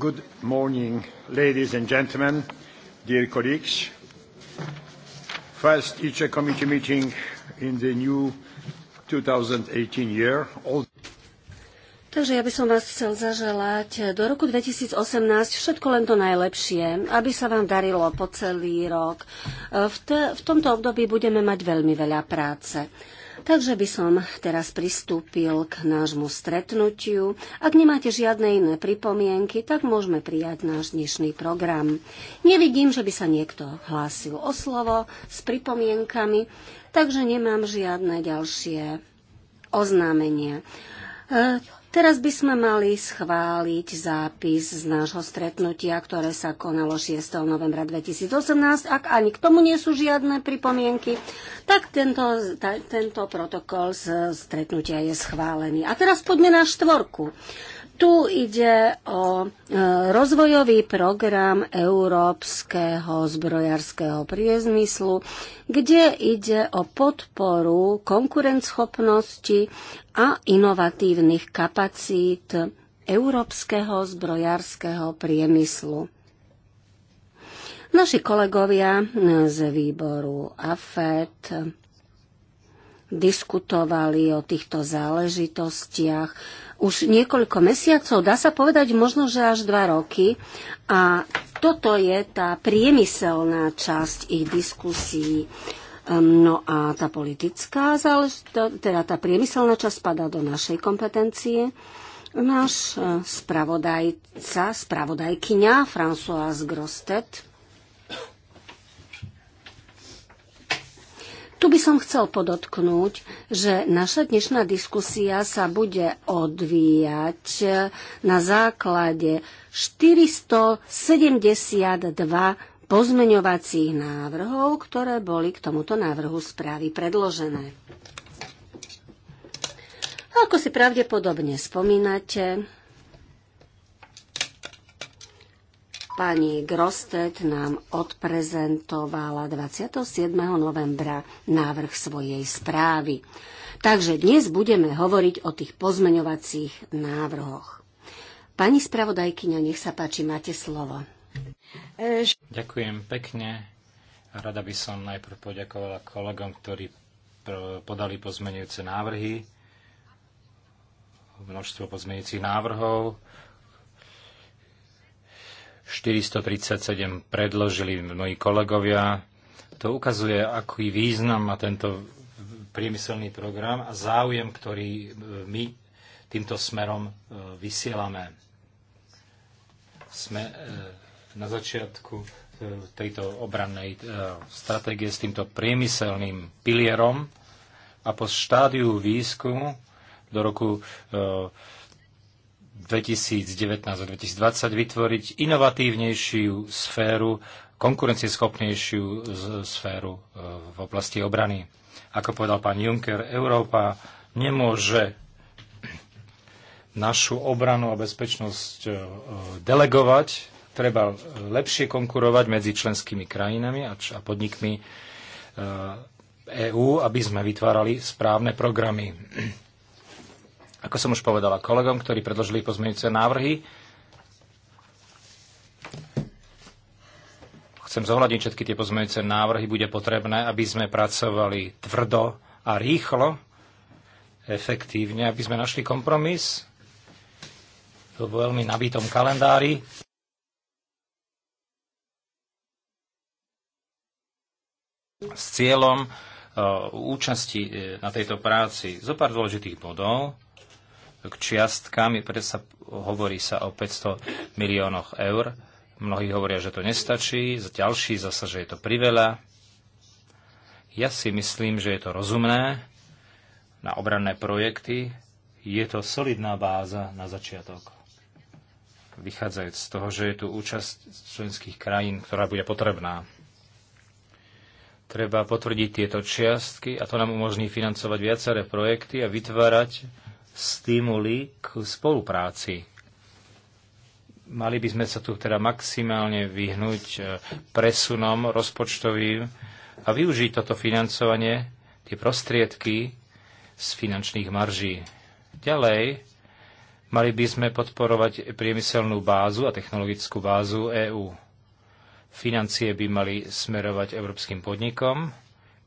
Good morning, ladies and gentlemen, dear colleagues. First committee meeting in the new 2018 year. All... Takže ja by som vás chcel zaželať do roku 2018 všetko len to najlepšie, aby sa vám darilo po celý rok. V, te, v tomto období budeme mať veľmi veľa práce. Takže by som teraz pristúpil k nášmu stretnutiu. Ak nemáte žiadne iné pripomienky, tak môžeme prijať náš dnešný program. Nevidím, že by sa niekto hlásil o slovo s pripomienkami, takže nemám žiadne ďalšie oznámenia. E, Teraz by sme mali schváliť zápis z nášho stretnutia, ktoré sa konalo 6. novembra 2018. Ak ani k tomu nie sú žiadne pripomienky, tak tento, ta, tento protokol z stretnutia je schválený. A teraz poďme na štvorku. Tu ide o e, rozvojový program európskeho zbrojárskeho priezmyslu, kde ide o podporu konkurenschopnosti a inovatívnych kapacít európskeho zbrojárskeho priemyslu. Naši kolegovia z výboru AFET diskutovali o týchto záležitostiach už niekoľko mesiacov, dá sa povedať možno, že až dva roky. A toto je tá priemyselná časť ich diskusí. Ehm, no a tá politická záležitosť, teda tá priemyselná časť spadá do našej kompetencie. Náš eh, spravodajca, spravodajkyňa François Grostet Tu by som chcel podotknúť, že naša dnešná diskusia sa bude odvíjať na základe 472 pozmeňovacích návrhov, ktoré boli k tomuto návrhu správy predložené. Ako si pravdepodobne spomínate, Pani Grostet nám odprezentovala 27. novembra návrh svojej správy. Takže dnes budeme hovoriť o tých pozmeňovacích návrhoch. Pani spravodajkyňa, nech sa páči, máte slovo. Ďakujem pekne. Rada by som najprv poďakovala kolegom, ktorí podali pozmenujúce návrhy. Množstvo pozmenujúcich návrhov 437 predložili moji kolegovia. To ukazuje, aký význam má tento priemyselný program a záujem, ktorý e, my týmto smerom e, vysielame. Sme e, na začiatku tejto obrannej stratégie s týmto priemyselným pilierom a po štádiu výskumu do roku 2019 a 2020 vytvoriť inovatívnejšiu sféru, konkurencieschopnejšiu sféru e, v oblasti obrany. Ako povedal pán Juncker, Európa nemôže našu obranu a bezpečnosť e, e, delegovať. Treba lepšie konkurovať medzi členskými krajinami a podnikmi EÚ, aby sme vytvárali správne programy ako som už povedala kolegom, ktorí predložili pozmeňujúce návrhy, chcem zohľadniť všetky tie pozmeňujúce návrhy, bude potrebné, aby sme pracovali tvrdo a rýchlo, efektívne, aby sme našli kompromis v veľmi nabitom kalendári. S cieľom eh, účasti eh, na tejto práci zo pár dôležitých bodov k čiastkám, preto sa hovorí sa o 500 miliónoch eur. Mnohí hovoria, že to nestačí, ďalší zasa, že je to priveľa. Ja si myslím, že je to rozumné na obranné projekty. Je to solidná báza na začiatok. Vychádzajúc z toho, že je tu účasť členských krajín, ktorá bude potrebná. Treba potvrdiť tieto čiastky a to nám umožní financovať viaceré projekty a vytvárať stimuly k spolupráci. Mali by sme sa tu teda maximálne vyhnúť e, presunom rozpočtovým a využiť toto financovanie, tie prostriedky z finančných marží. Ďalej, mali by sme podporovať priemyselnú bázu a technologickú bázu EÚ. Financie by mali smerovať európskym podnikom,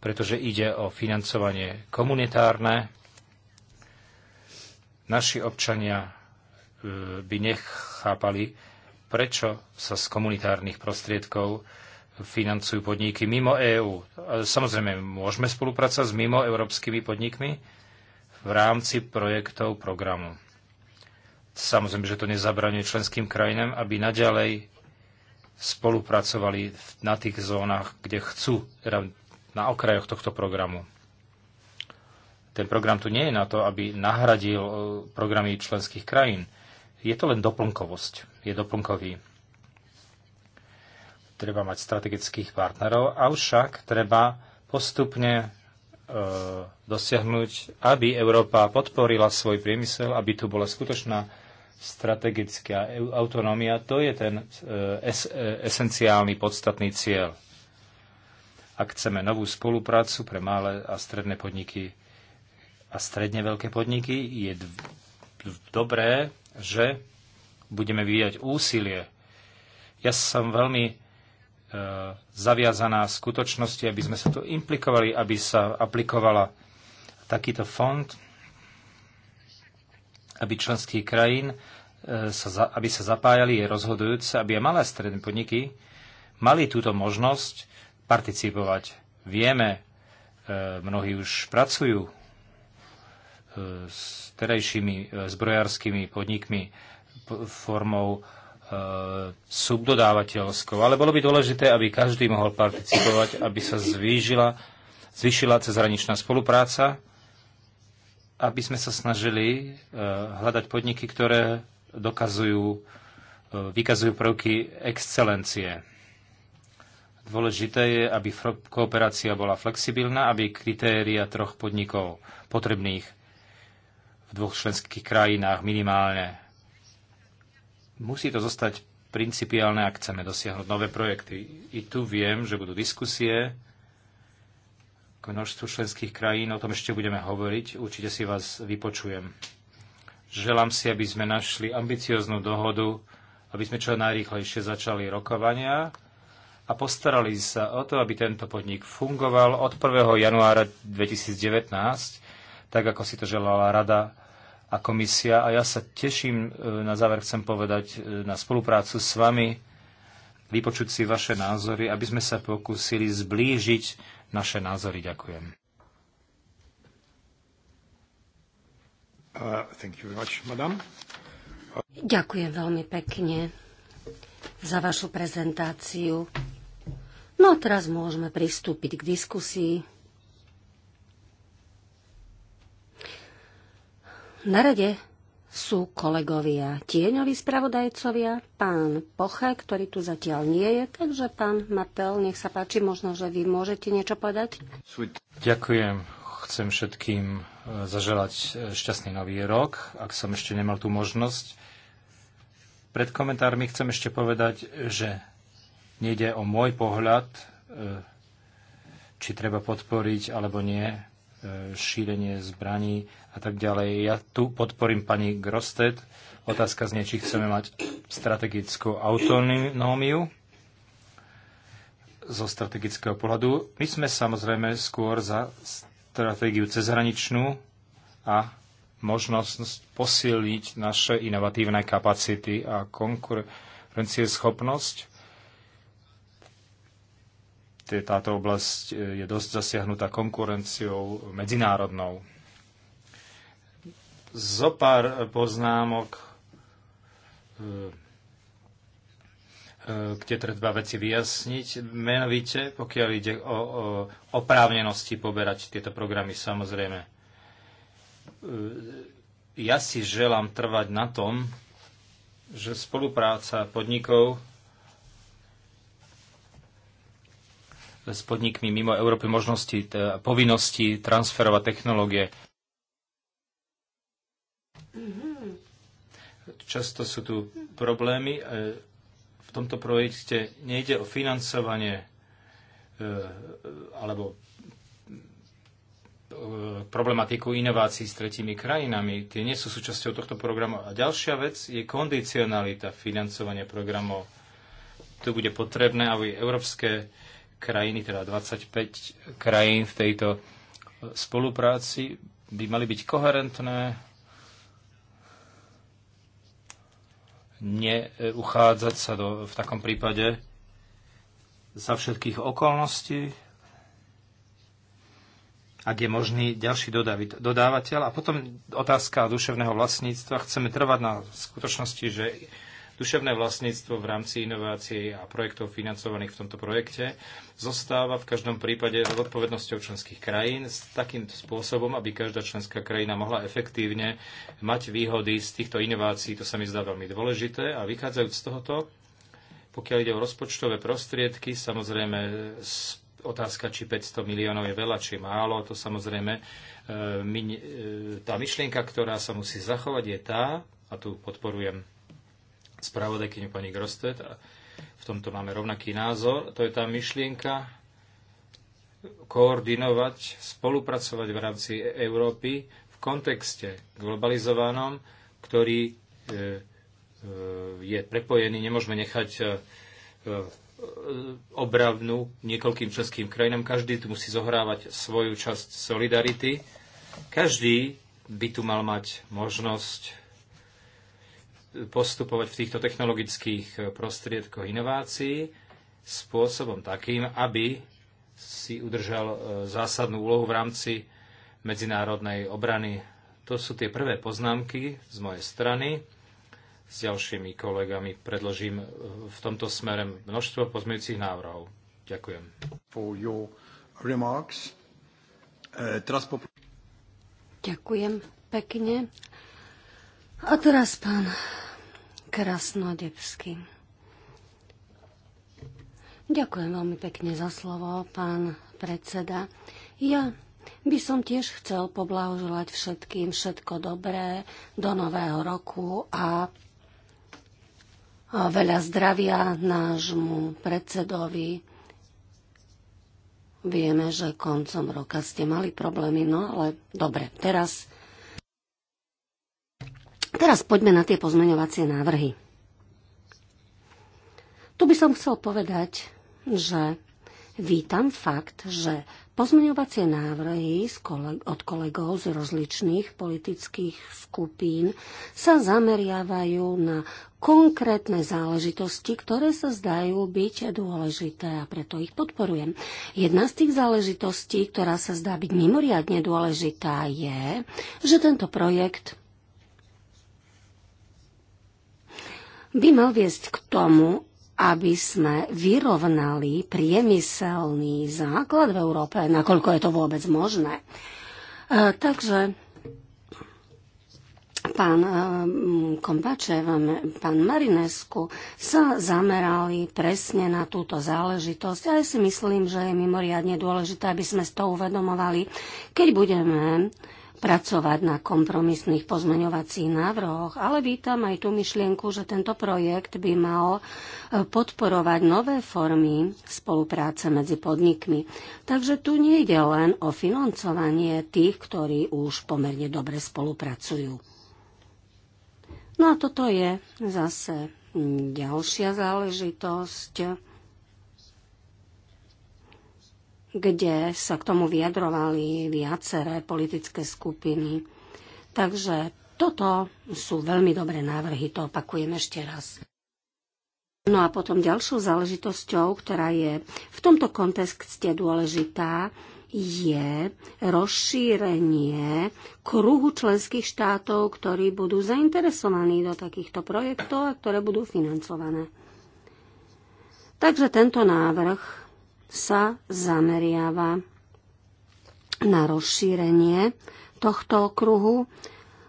pretože ide o financovanie komunitárne, naši občania e, by nechápali, prečo sa z komunitárnych prostriedkov financujú podniky mimo EÚ. E, samozrejme, môžeme spolupracovať s mimo európskymi podnikmi v rámci projektov programu. Samozrejme, že to nezabraňuje členským krajinám, aby naďalej spolupracovali na tých zónach, kde chcú, teda na okrajoch tohto programu. Ten program tu nie je na to, aby nahradil e, programy členských krajín. Je to len doplnkovosť. Je doplnkový. Treba mať strategických partnerov, avšak treba postupne e, dosiahnuť, aby Európa podporila svoj priemysel, aby tu bola skutočná strategická autonómia. To je ten e, es esenciálny, podstatný cieľ. Ak chceme novú spoluprácu pre malé a stredné podniky, a stredne veľké podniky, je dobré, že budeme vyvíjať úsilie. Ja som veľmi e, zaviazaná v skutočnosti, aby sme sa tu implikovali, aby sa aplikovala takýto fond, aby členských krajín e, sa, za, aby sa zapájali, je rozhodujúce, aby aj malé stredné podniky mali túto možnosť participovať. Vieme, e, mnohí už pracujú s terajšími e, zbrojárskymi podnikmi formou e, subdodávateľskou. Ale bolo by dôležité, aby každý mohol participovať, aby sa zvýšila, zvýšila cezhraničná spolupráca, aby sme sa snažili e, hľadať podniky, ktoré dokazujú, vykazujú prvky excelencie. Dôležité je, aby kooperácia bola flexibilná, aby kritéria troch podnikov potrebných v dvoch členských krajinách minimálne. Musí to zostať principiálne, ak chceme dosiahnuť nové projekty. I tu viem, že budú diskusie k množstvu členských krajín, o tom ešte budeme hovoriť, určite si vás vypočujem. Želám si, aby sme našli ambicioznú dohodu, aby sme čo najrýchlejšie začali rokovania a postarali sa o to, aby tento podnik fungoval od 1. januára 2019 tak ako si to želala rada a komisia. A ja sa teším, e, na záver chcem povedať, e, na spoluprácu s vami, vypočuť si vaše názory, aby sme sa pokúsili zblížiť naše názory. Ďakujem. Uh, much, Ďakujem veľmi pekne za vašu prezentáciu. No a teraz môžeme pristúpiť k diskusii. Na rade sú kolegovia tieňoví spravodajcovia, pán Pocha, ktorý tu zatiaľ nie je, takže pán Mapel, nech sa páči, možno, že vy môžete niečo povedať. Ďakujem. Chcem všetkým e, zaželať e, šťastný nový rok, ak som ešte nemal tú možnosť. Pred komentármi chcem ešte povedať, že nejde o môj pohľad, e, či treba podporiť alebo nie E, šírenie zbraní a tak ďalej. Ja tu podporím pani Grostet. Otázka znie, či chceme mať strategickú autonómiu zo strategického pohľadu. My sme samozrejme skôr za stratégiu cezhraničnú a možnosť posilniť naše inovatívne kapacity a konkurencieschopnosť táto oblasť e, je dosť zasiahnutá konkurenciou medzinárodnou. Zopár poznámok, e, e, kde treba veci vyjasniť. Menovite, pokiaľ ide o, oprávnenosti poberať tieto programy, samozrejme. Ja si želám trvať na tom, že spolupráca podnikov s podnikmi mimo Európy možnosti, povinnosti transferovať technológie. Mhm. Často sú tu problémy. E, v tomto projekte nejde o financovanie e, e, alebo problematiku inovácií s tretími krajinami. Tie nie sú súčasťou tohto programu. A ďalšia vec je kondicionalita financovania programov. Tu bude potrebné, aby európske krajiny, teda 25 krajín v tejto spolupráci by mali byť koherentné, neuchádzať sa do, v takom prípade za všetkých okolností, ak je možný ďalší dodávateľ. A potom otázka duševného vlastníctva. Chceme trvať na skutočnosti, že Duševné vlastníctvo v rámci inovácií a projektov financovaných v tomto projekte zostáva v každom prípade odpovednosťou členských krajín s takým spôsobom, aby každá členská krajina mohla efektívne mať výhody z týchto inovácií. To sa mi zdá veľmi dôležité a vychádzajúc z tohoto, pokiaľ ide o rozpočtové prostriedky, samozrejme otázka, či 500 miliónov je veľa, či málo, to samozrejme e, e, tá myšlienka, ktorá sa musí zachovať, je tá, a tu podporujem spravodajkyňu pani Grostet a v tomto máme rovnaký názor. To je tá myšlienka koordinovať, spolupracovať v rámci e- Európy v kontexte globalizovanom, ktorý e, e, je prepojený. Nemôžeme nechať obravnú niekoľkým českým krajinám. Každý tu musí zohrávať svoju časť solidarity. Každý by tu mal mať možnosť postupovať v týchto technologických eh, prostriedkoch inovácií spôsobom takým, aby si udržal eh, zásadnú úlohu v rámci medzinárodnej obrany. To sú tie prvé poznámky z mojej strany. S ďalšími kolegami predložím eh, v tomto smere množstvo pozmejúcich návrhov. Ďakujem. Ďakujem pekne. A teraz pán Krasnodebský. Ďakujem veľmi pekne za slovo, pán predseda. Ja by som tiež chcel poblahoželať všetkým všetko dobré do nového roku a veľa zdravia nášmu predsedovi. Vieme, že koncom roka ste mali problémy, no ale dobre, teraz Teraz poďme na tie pozmeňovacie návrhy. Tu by som chcel povedať, že vítam fakt, že pozmeňovacie návrhy od kolegov z rozličných politických skupín sa zameriavajú na konkrétne záležitosti, ktoré sa zdajú byť dôležité a preto ich podporujem. Jedna z tých záležitostí, ktorá sa zdá byť mimoriadne dôležitá, je, že tento projekt by mal viesť k tomu, aby sme vyrovnali priemyselný základ v Európe, nakoľko je to vôbec možné. E, takže pán e, Kompačev, pán Marinesku sa zamerali presne na túto záležitosť. ja si myslím, že je mimoriadne dôležité, aby sme to uvedomovali, keď budeme pracovať na kompromisných pozmeňovacích návrhoch, ale vítam aj tú myšlienku, že tento projekt by mal e, podporovať nové formy spolupráce medzi podnikmi. Takže tu nie ide len o financovanie tých, ktorí už pomerne dobre spolupracujú. No a toto je zase ďalšia záležitosť kde sa k tomu vyjadrovali viaceré politické skupiny. Takže toto sú veľmi dobré návrhy, to opakujem ešte raz. No a potom ďalšou záležitosťou, ktorá je v tomto kontexte dôležitá, je rozšírenie kruhu členských štátov, ktorí budú zainteresovaní do takýchto projektov a ktoré budú financované. Takže tento návrh sa zameriava na rozšírenie tohto okruhu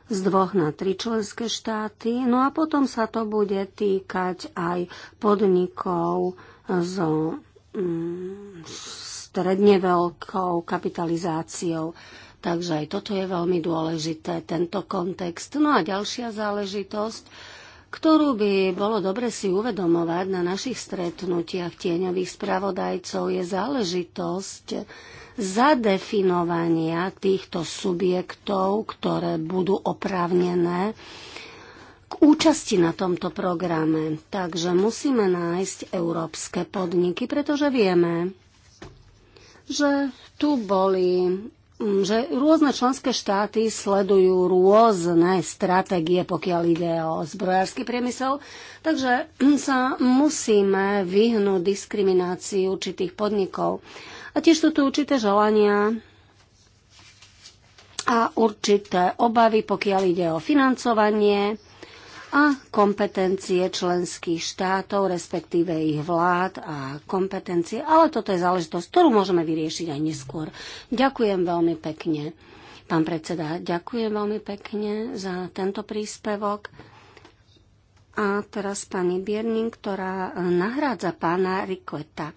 z dvoch na tri členské štáty. No a potom sa to bude týkať aj podnikov zo mm, stredne veľkou kapitalizáciou. Takže aj toto je veľmi dôležité, tento kontext. No a ďalšia záležitosť, ktorú by bolo dobre si uvedomovať na našich stretnutiach tieňových spravodajcov, je záležitosť zadefinovania týchto subjektov, ktoré budú oprávnené k účasti na tomto programe. Takže musíme nájsť európske podniky, pretože vieme, že tu boli Mm, že rôzne členské štáty sledujú rôzne stratégie, pokiaľ ide o zbrojársky priemysel, takže sa musíme vyhnúť diskriminácii určitých podnikov. A tiež sú tu určité želania a určité obavy, pokiaľ ide o financovanie a kompetencie členských štátov, respektíve ich vlád a kompetencie, ale toto je záležitosť, ktorú môžeme vyriešiť aj neskôr. Ďakujem veľmi pekne. Pán predseda, ďakujem veľmi pekne za tento príspevok. A teraz pani Bierning, ktorá nahrádza pána Rikota.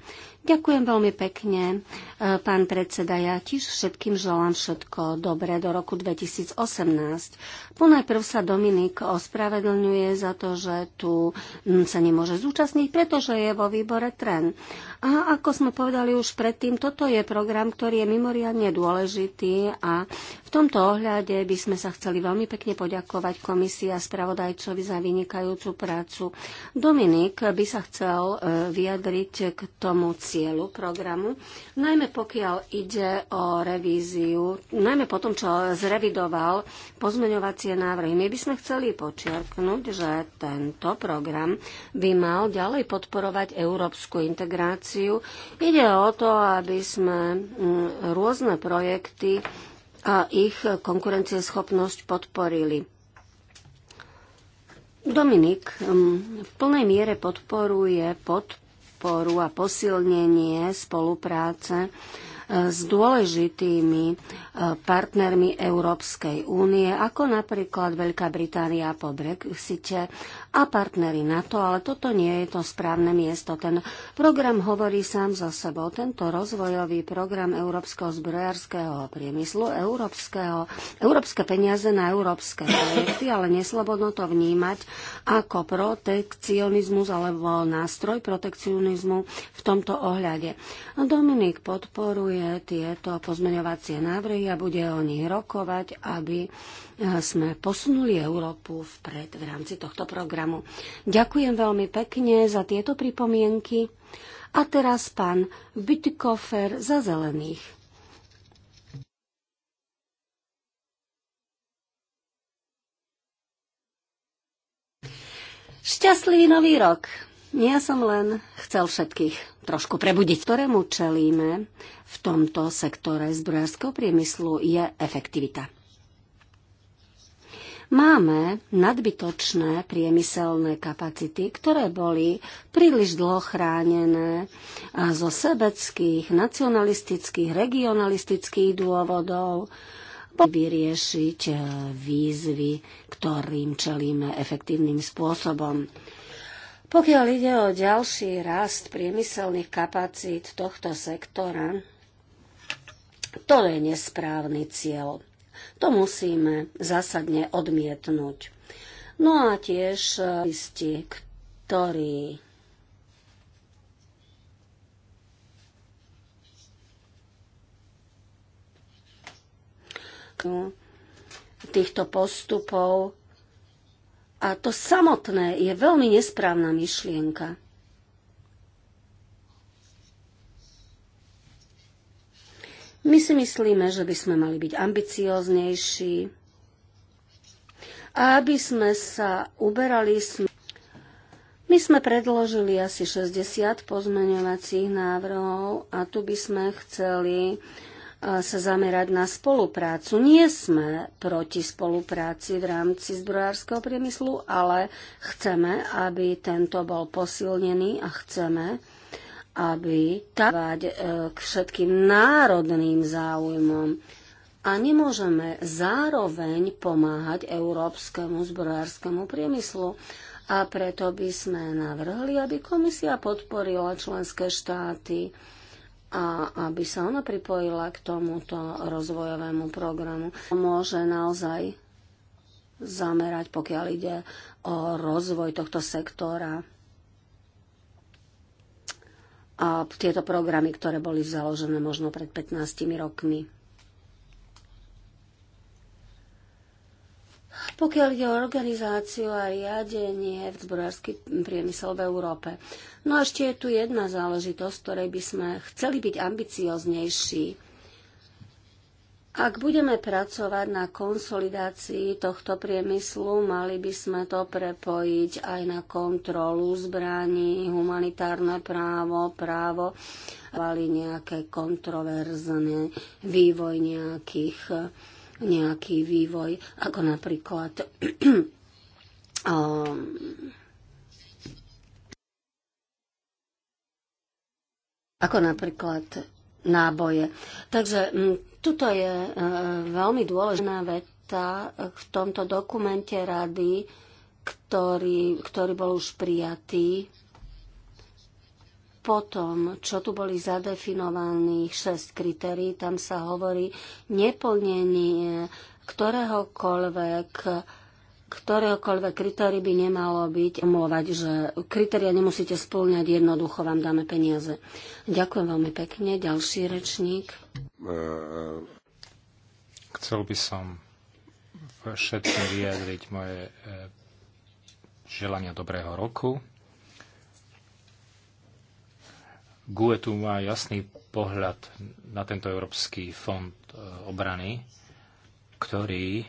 Ďakujem veľmi pekne, e, pán predseda. Ja tiež všetkým želám všetko dobré do roku 2018. Ponajprv sa Dominik ospravedlňuje za to, že tu mm, sa nemôže zúčastniť, pretože je vo výbore TREN. A ako sme povedali už predtým, toto je program, ktorý je mimoriadne dôležitý a v tomto ohľade by sme sa chceli veľmi pekne poďakovať komisii a spravodajcovi za vynikajúcu prácu. Dominik by sa chcel e, vyjadriť k tomu cieľu programu, najmä pokiaľ ide o revíziu, najmä po tom, čo zrevidoval pozmeňovacie návrhy. My by sme chceli počiarknúť, že tento program by mal ďalej podporovať európsku integráciu komisiu. Ide o to, aby sme mm, rôzne projekty a ich konkurencieschopnosť podporili. Dominik mm, v plnej miere podporuje podporu a posilnenie spolupráce s dôležitými e, partnermi Európskej únie, ako napríklad Veľká Británia po Brexite a partnery NATO, ale toto nie je to správne miesto. Ten program hovorí sám za sebou. Tento rozvojový program Európskeho zbrojárskeho priemyslu, európskeho, európske peniaze na európske projekty, ale neslobodno to vnímať ako protekcionizmus alebo nástroj protekcionizmu v tomto ohľade. Dominik podporuje pripravuje tieto pozmeňovacie návrhy a bude o nich rokovať, aby e, sme posunuli Európu vpred v rámci tohto programu. Ďakujem veľmi pekne za tieto pripomienky. A teraz pán Bytkofer za zelených. Šťastlivý nový rok! Ja som len chcel všetkých trošku prebudiť. Ktorému čelíme v tomto sektore zbrojárskeho priemyslu je efektivita. Máme nadbytočné priemyselné kapacity, ktoré boli príliš dlho chránené zo sebeckých, nacionalistických, regionalistických dôvodov, vyriešiť e, výzvy, ktorým čelíme efektívnym spôsobom. Pokiaľ ide o ďalší rast priemyselných kapacít tohto sektora, to je nesprávny cieľ. To musíme zásadne odmietnúť. No a tiež e, listi, ktorí týchto postupov a to samotné je veľmi nesprávna myšlienka. My si myslíme, že by sme mali byť ambicióznejší a aby sme sa uberali my sme predložili asi 60 pozmeňovacích návrhov a tu by sme chceli sa zamerať na spoluprácu. Nie sme proti spolupráci v rámci zbrojárskeho priemyslu, ale chceme, aby tento bol posilnený a chceme, aby távať e, k všetkým národným záujmom. A nemôžeme zároveň pomáhať európskemu zbrojárskemu priemyslu a preto by sme navrhli, aby komisia podporila členské štáty a aby sa ona pripojila k tomuto rozvojovému programu, môže naozaj zamerať, pokiaľ ide o rozvoj tohto sektora a tieto programy, ktoré boli založené možno pred 15 rokmi. pokiaľ ide o organizáciu a riadenie vzbrojársky priemysel v Európe. No a ešte je tu jedna záležitosť, ktorej by sme chceli byť ambicioznejší. Ak budeme pracovať na konsolidácii tohto priemyslu, mali by sme to prepojiť aj na kontrolu zbraní, humanitárne právo, právo, ale nejaké kontroverzné vývoj nejakých nejaký vývoj, ako napríklad um, ako napríklad náboje. Takže mm, tuto je e, veľmi dôležitá veta v tomto dokumente rady, ktorý, ktorý bol už prijatý potom, čo tu boli zadefinovaných 6 kritérií, tam sa hovorí neplnenie ktoréhokoľvek ktoréhokoľvek kritérií by nemalo byť omlovať, že kritéria nemusíte spĺňať, jednoducho vám dáme peniaze. Ďakujem veľmi pekne. Ďalší rečník. E, chcel by som všetkým vyjadriť moje e, želania dobrého roku. GUE tu má jasný pohľad na tento Európsky fond eh, obrany, ktorý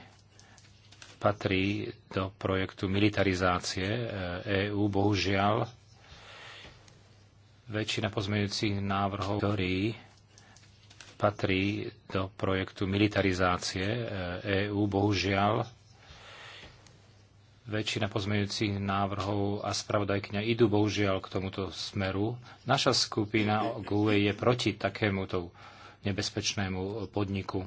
patrí do projektu militarizácie EÚ. Eh, e bohužiaľ, väčšina pozmeňujúcich návrhov, ktorý patrí do projektu militarizácie EÚ, eh, e bohužiaľ, väčšina pozmeňujúcich návrhov a spravodajkňa idú bohužiaľ k tomuto smeru. Naša skupina GUE je proti takémuto nebezpečnému podniku.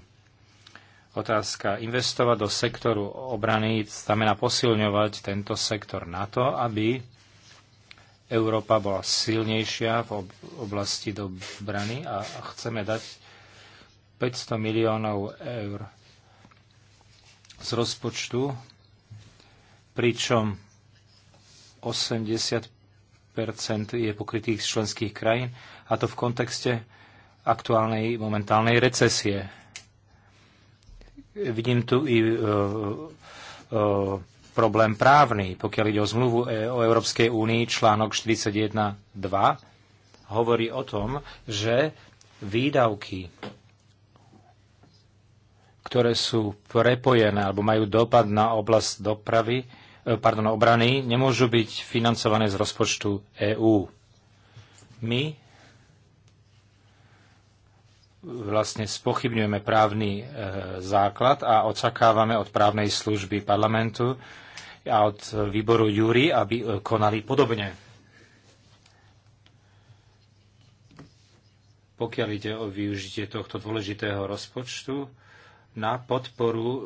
Otázka. Investovať do sektoru obrany znamená posilňovať tento sektor na to, aby Európa bola silnejšia v oblasti obrany a chceme dať 500 miliónov eur z rozpočtu pričom 80 je pokrytých z členských krajín, a to v kontexte aktuálnej momentálnej recesie. Vidím tu i e, e, problém právny, pokiaľ ide o zmluvu e, o Európskej únii, článok 41.2 hovorí o tom, že výdavky, ktoré sú prepojené alebo majú dopad na oblasť dopravy, E, pardon, obrany nemôžu byť financované z rozpočtu EÚ. My vlastne spochybňujeme právny e, základ a očakávame od právnej služby parlamentu a od výboru Júri, aby e, konali podobne. Pokiaľ ide o využitie tohto dôležitého rozpočtu, na podporu e,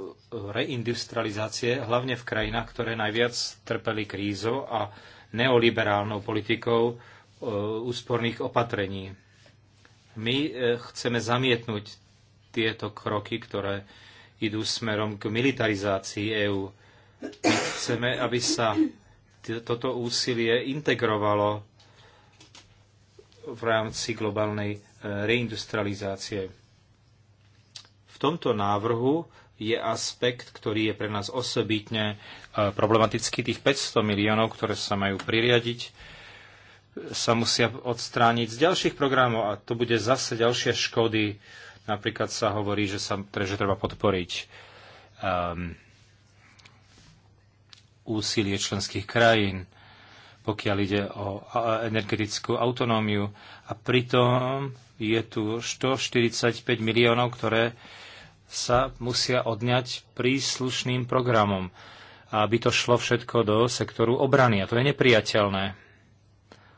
reindustrializácie, hlavne v krajinách, ktoré najviac trpeli krízou a neoliberálnou politikou e, úsporných opatrení. My e, chceme zamietnúť tieto kroky, ktoré idú smerom k militarizácii EÚ. My chceme, aby sa toto úsilie integrovalo v rámci globálnej reindustrializácie v tomto návrhu je aspekt, ktorý je pre nás osobitne e, problematický. Tých 500 miliónov, ktoré sa majú pririadiť, sa musia odstrániť z ďalších programov a to bude zase ďalšie škody. Napríklad sa hovorí, že sa teda, že treba podporiť um, úsilie členských krajín, pokiaľ ide o energetickú autonómiu. A pritom je tu 145 miliónov, ktoré sa musia odňať príslušným programom, aby to šlo všetko do sektoru obrany. A to je nepriateľné.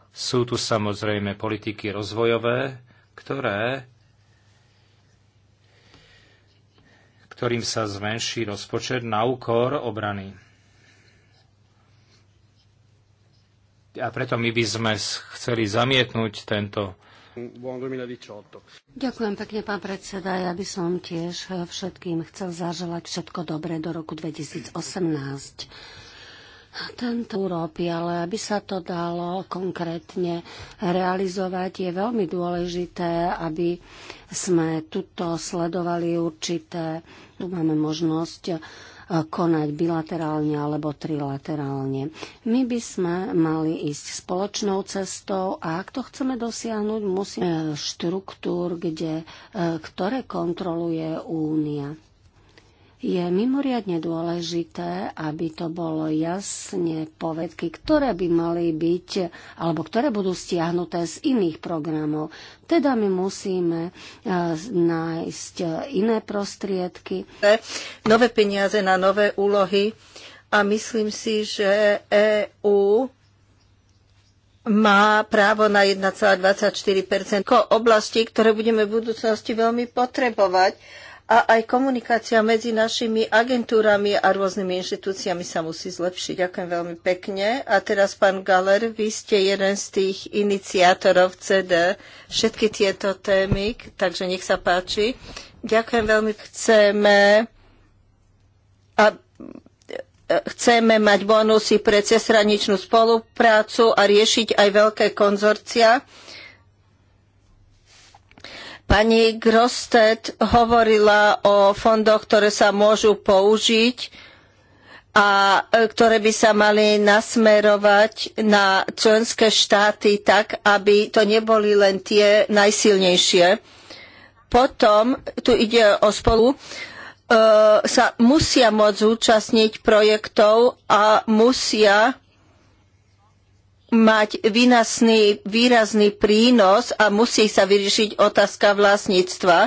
Sú tu samozrejme politiky rozvojové, ktoré ktorým sa zmenší rozpočet na úkor obrany. A preto my by sme chceli zamietnúť tento Ďakujem pekne, pán predseda. Ja by som tiež eh, všetkým chcel zaželať všetko dobré do roku 2018. Tento Európy, ale aby sa to dalo konkrétne realizovať, je veľmi dôležité, aby sme tuto sledovali určité, tu máme možnosť konať bilaterálne alebo trilaterálne. My by sme mali ísť spoločnou cestou a ak to chceme dosiahnuť, musíme štruktúr, kde, e, ktoré kontroluje Únia je mimoriadne dôležité, aby to bolo jasne povedky, ktoré by mali byť, alebo ktoré budú stiahnuté z iných programov. Teda my musíme e, nájsť iné prostriedky. Nové peniaze na nové úlohy a myslím si, že EÚ má právo na 1,24 oblasti, ktoré budeme v budúcnosti veľmi potrebovať a aj komunikácia medzi našimi agentúrami a rôznymi inštitúciami sa musí zlepšiť. Ďakujem veľmi pekne. A teraz, pán Galer, vy ste jeden z tých iniciátorov CD, všetky tieto témy, takže nech sa páči. Ďakujem veľmi. Chceme, a, chceme mať bonusy pre cezhraničnú spoluprácu a riešiť aj veľké konzorcia. Pani Grosted hovorila o fondoch, ktoré sa môžu použiť a e, ktoré by sa mali nasmerovať na členské štáty tak, aby to neboli len tie najsilnejšie. Potom, tu ide o spolu, e, sa musia môcť zúčastniť projektov a musia mať výnasný, výrazný prínos a musí sa vyriešiť otázka vlastníctva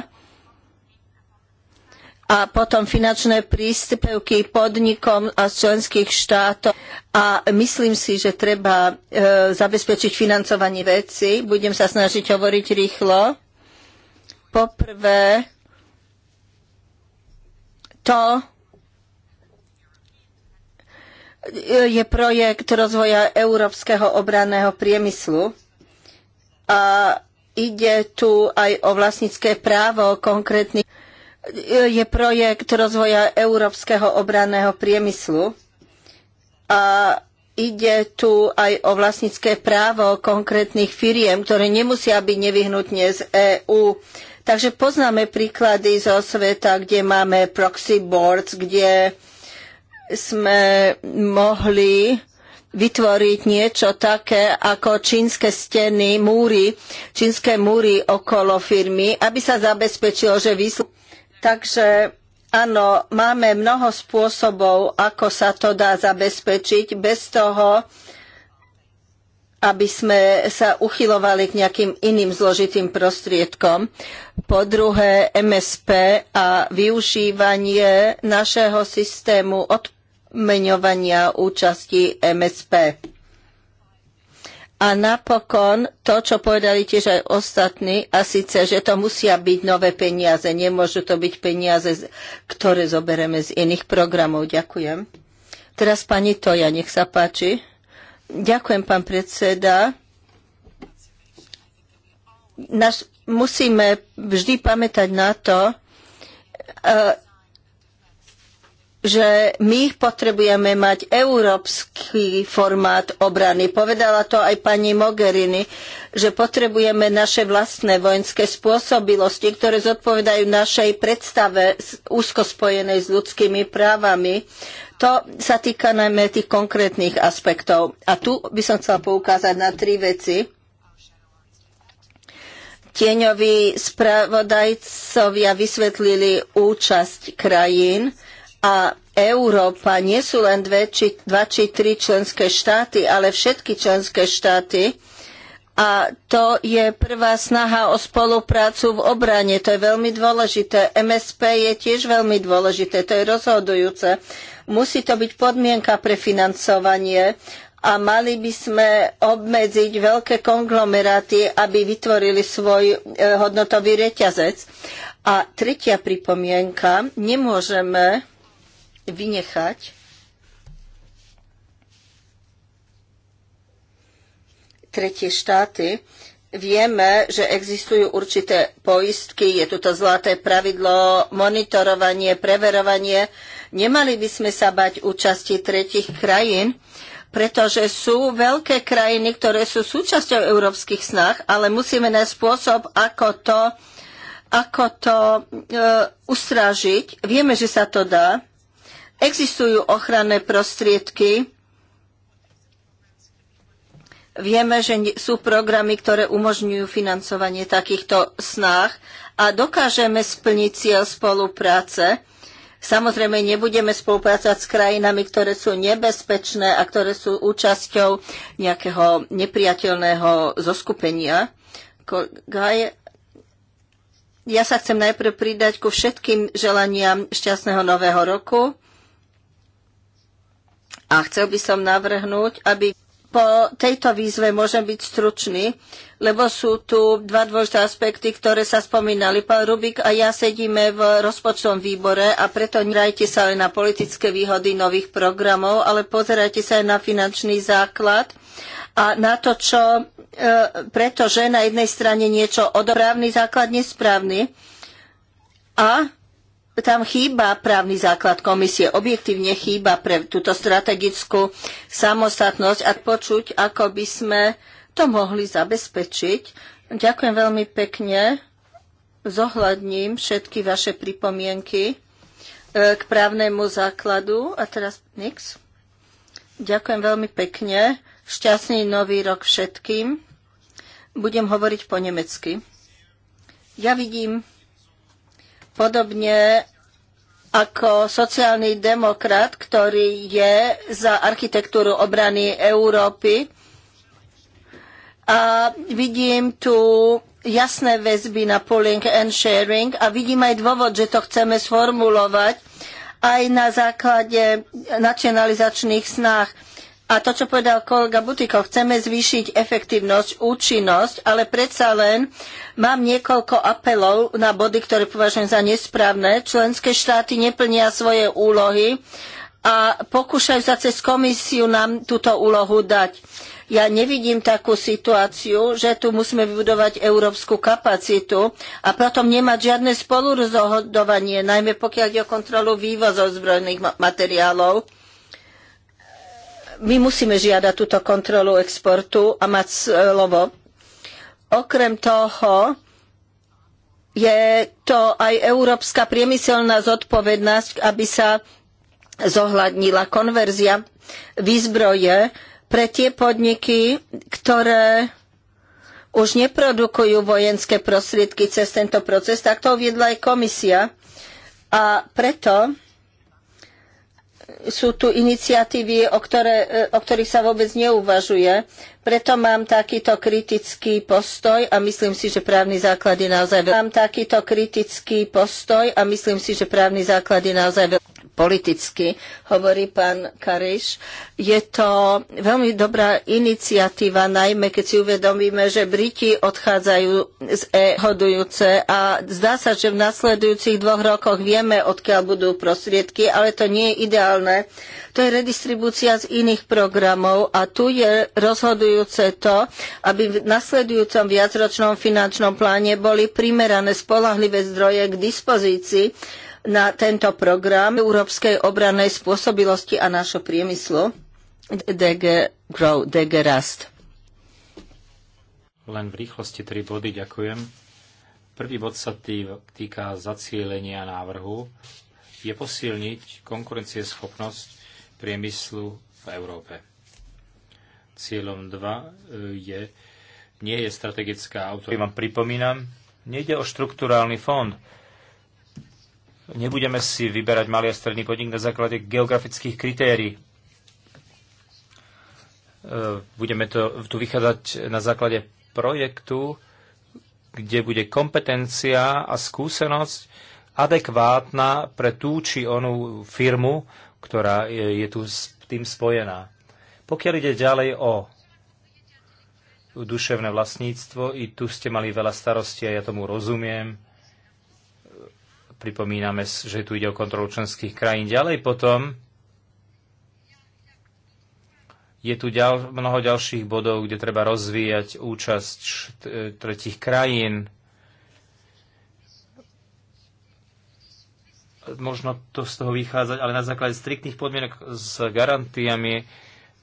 a potom finančné príspevky podnikom a z členských štátov. A myslím si, že treba e, zabezpečiť financovanie veci. Budem sa snažiť hovoriť rýchlo. Poprvé, to, je projekt rozvoja európskeho obranného priemyslu a ide tu aj o vlastnícke právo konkrétnych je projekt rozvoja európskeho obranného priemyslu a ide tu aj o vlastnícke právo konkrétnych firiem, ktoré nemusia byť nevyhnutne z EÚ. Takže poznáme príklady zo sveta, kde máme proxy boards, kde sme mohli vytvoriť niečo také ako čínske steny, múry, čínske múry okolo firmy, aby sa zabezpečilo, že výsledky. Takže áno, máme mnoho spôsobov, ako sa to dá zabezpečiť bez toho, aby sme sa uchylovali k nejakým iným zložitým prostriedkom. Po druhé, MSP a využívanie našeho systému od menovania účasti MSP. A napokon to, čo povedali tiež aj ostatní, a síce, že to musia byť nové peniaze. Nemôžu to byť peniaze, ktoré zobereme z iných programov. Ďakujem. Teraz pani Toja, nech sa páči. Ďakujem, pán predseda. Naš, musíme vždy pamätať na to, uh, že my potrebujeme mať európsky formát obrany. Povedala to aj pani Mogherini, že potrebujeme naše vlastné vojenské spôsobilosti, ktoré zodpovedajú našej predstave úzko spojenej s ľudskými právami. To sa týka najmä tých konkrétnych aspektov. A tu by som chcela poukázať na tri veci. Tieňoví spravodajcovia vysvetlili účasť krajín, a Európa nie sú len dve či, dva či tri členské štáty, ale všetky členské štáty. A to je prvá snaha o spoluprácu v obrane. To je veľmi dôležité. MSP je tiež veľmi dôležité. To je rozhodujúce. Musí to byť podmienka pre financovanie a mali by sme obmedziť veľké konglomeráty, aby vytvorili svoj e, hodnotový reťazec. A tretia pripomienka, nemôžeme vynechať. tretie štáty, vieme, že existujú určité poistky, je tu to zlaté pravidlo, monitorovanie, preverovanie. Nemali by sme sa bať účasti tretich krajín, pretože sú veľké krajiny, ktoré sú súčasťou európskych snah, ale musíme nájsť spôsob, ako to, ako to e, ustrážiť. Vieme, že sa to dá. Existujú ochranné prostriedky. Vieme, že sú programy, ktoré umožňujú financovanie takýchto snách a dokážeme splniť cieľ spolupráce. Samozrejme, nebudeme spolupracovať s krajinami, ktoré sú nebezpečné a ktoré sú účasťou nejakého nepriateľného zoskupenia. Ja sa chcem najprv pridať ku všetkým želaniam šťastného nového roku. A chcel by som navrhnúť, aby po tejto výzve môžem byť stručný, lebo sú tu dva dôležité aspekty, ktoré sa spomínali. Pán Rubik a ja sedíme v rozpočtovom výbore a preto nerajte sa aj na politické výhody nových programov, ale pozerajte sa aj na finančný základ a na to, čo, e, pretože na jednej strane niečo odobrávny základ nesprávny a tam chýba právny základ komisie, objektívne chýba pre túto strategickú samostatnosť a počuť, ako by sme to mohli zabezpečiť. Ďakujem veľmi pekne. Zohľadním všetky vaše pripomienky e, k právnemu základu. A teraz nix. Ďakujem veľmi pekne. Šťastný nový rok všetkým. Budem hovoriť po nemecky. Ja vidím Podobne ako sociálny demokrat, ktorý je za architektúru obrany Európy. A vidím tu jasné väzby na pooling and sharing a vidím aj dôvod, že to chceme sformulovať aj na základe nacionalizačných snách. A to, čo povedal kolega Butiko, chceme zvýšiť efektívnosť, účinnosť, ale predsa len mám niekoľko apelov na body, ktoré považujem za nesprávne. Členské štáty neplnia svoje úlohy a pokúšajú sa cez komisiu nám túto úlohu dať. Ja nevidím takú situáciu, že tu musíme vybudovať európsku kapacitu a potom nemať žiadne spolurozhodovanie, najmä pokiaľ ide o kontrolu vývozov zbrojných materiálov my musíme žiadať túto kontrolu exportu a mať slovo. E, Okrem toho je to aj európska priemyselná zodpovednosť, aby sa zohľadnila konverzia výzbroje pre tie podniky, ktoré už neprodukujú vojenské prostriedky cez tento proces, tak to uviedla aj komisia. A preto sú tu iniciatívy, o, ktoré, e, o ktorých sa vôbec neuvažuje. Preto mám takýto kritický postoj a myslím si, že právny základ je naozaj veľmi. Mám takýto kritický postoj a myslím si, že právny základ je naozaj veľmi politicky, hovorí pán Kariš. Je to veľmi dobrá iniciatíva, najmä keď si uvedomíme, že Briti odchádzajú z e-hodujúce a zdá sa, že v nasledujúcich dvoch rokoch vieme, odkiaľ budú prostriedky, ale to nie je ideálne. To je redistribúcia z iných programov a tu je rozhodujúce to, aby v nasledujúcom viacročnom finančnom pláne boli primerané spolahlivé zdroje k dispozícii, na tento program Európskej obrannej spôsobilosti a nášho priemyslu DG Grow, DG Rast. Len v rýchlosti tri body, ďakujem. Prvý bod sa týka zacielenia návrhu. Je posilniť konkurencieschopnosť priemyslu v Európe. Cieľom 2 e, je, nie je strategická auto. Vám pripomínam, nejde o štruktúrálny fond, Nebudeme si vyberať malý a stredný podnik na základe geografických kritérií. E, budeme to, tu vychádzať na základe projektu, kde bude kompetencia a skúsenosť adekvátna pre tú či onú firmu, ktorá je, je tu s tým spojená. Pokiaľ ide ďalej o duševné vlastníctvo, i tu ste mali veľa starosti a ja tomu rozumiem. Pripomíname, že tu ide o kontrolu členských krajín. Ďalej potom je tu ďal, mnoho ďalších bodov, kde treba rozvíjať účasť e, tretich krajín. Možno to z toho vychádzať, ale na základe striktných podmienok s garantiami,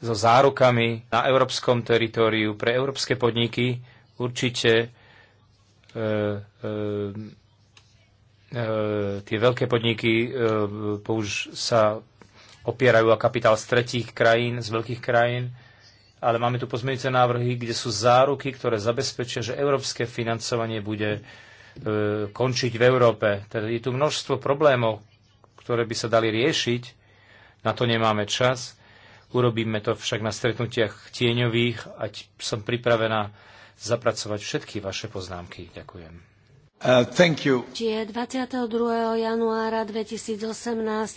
so zárukami na európskom teritóriu pre európske podniky určite e, e, E, tie veľké podniky e, už sa opierajú o kapitál z tretích krajín, z veľkých krajín, ale máme tu pozmeňujúce návrhy, kde sú záruky, ktoré zabezpečia, že európske financovanie bude e, končiť v Európe. Teda je tu množstvo problémov, ktoré by sa dali riešiť. Na to nemáme čas. Urobíme to však na stretnutiach tieňových ať som pripravená zapracovať všetky vaše poznámky. Ďakujem. Je uh, 22. januára 2018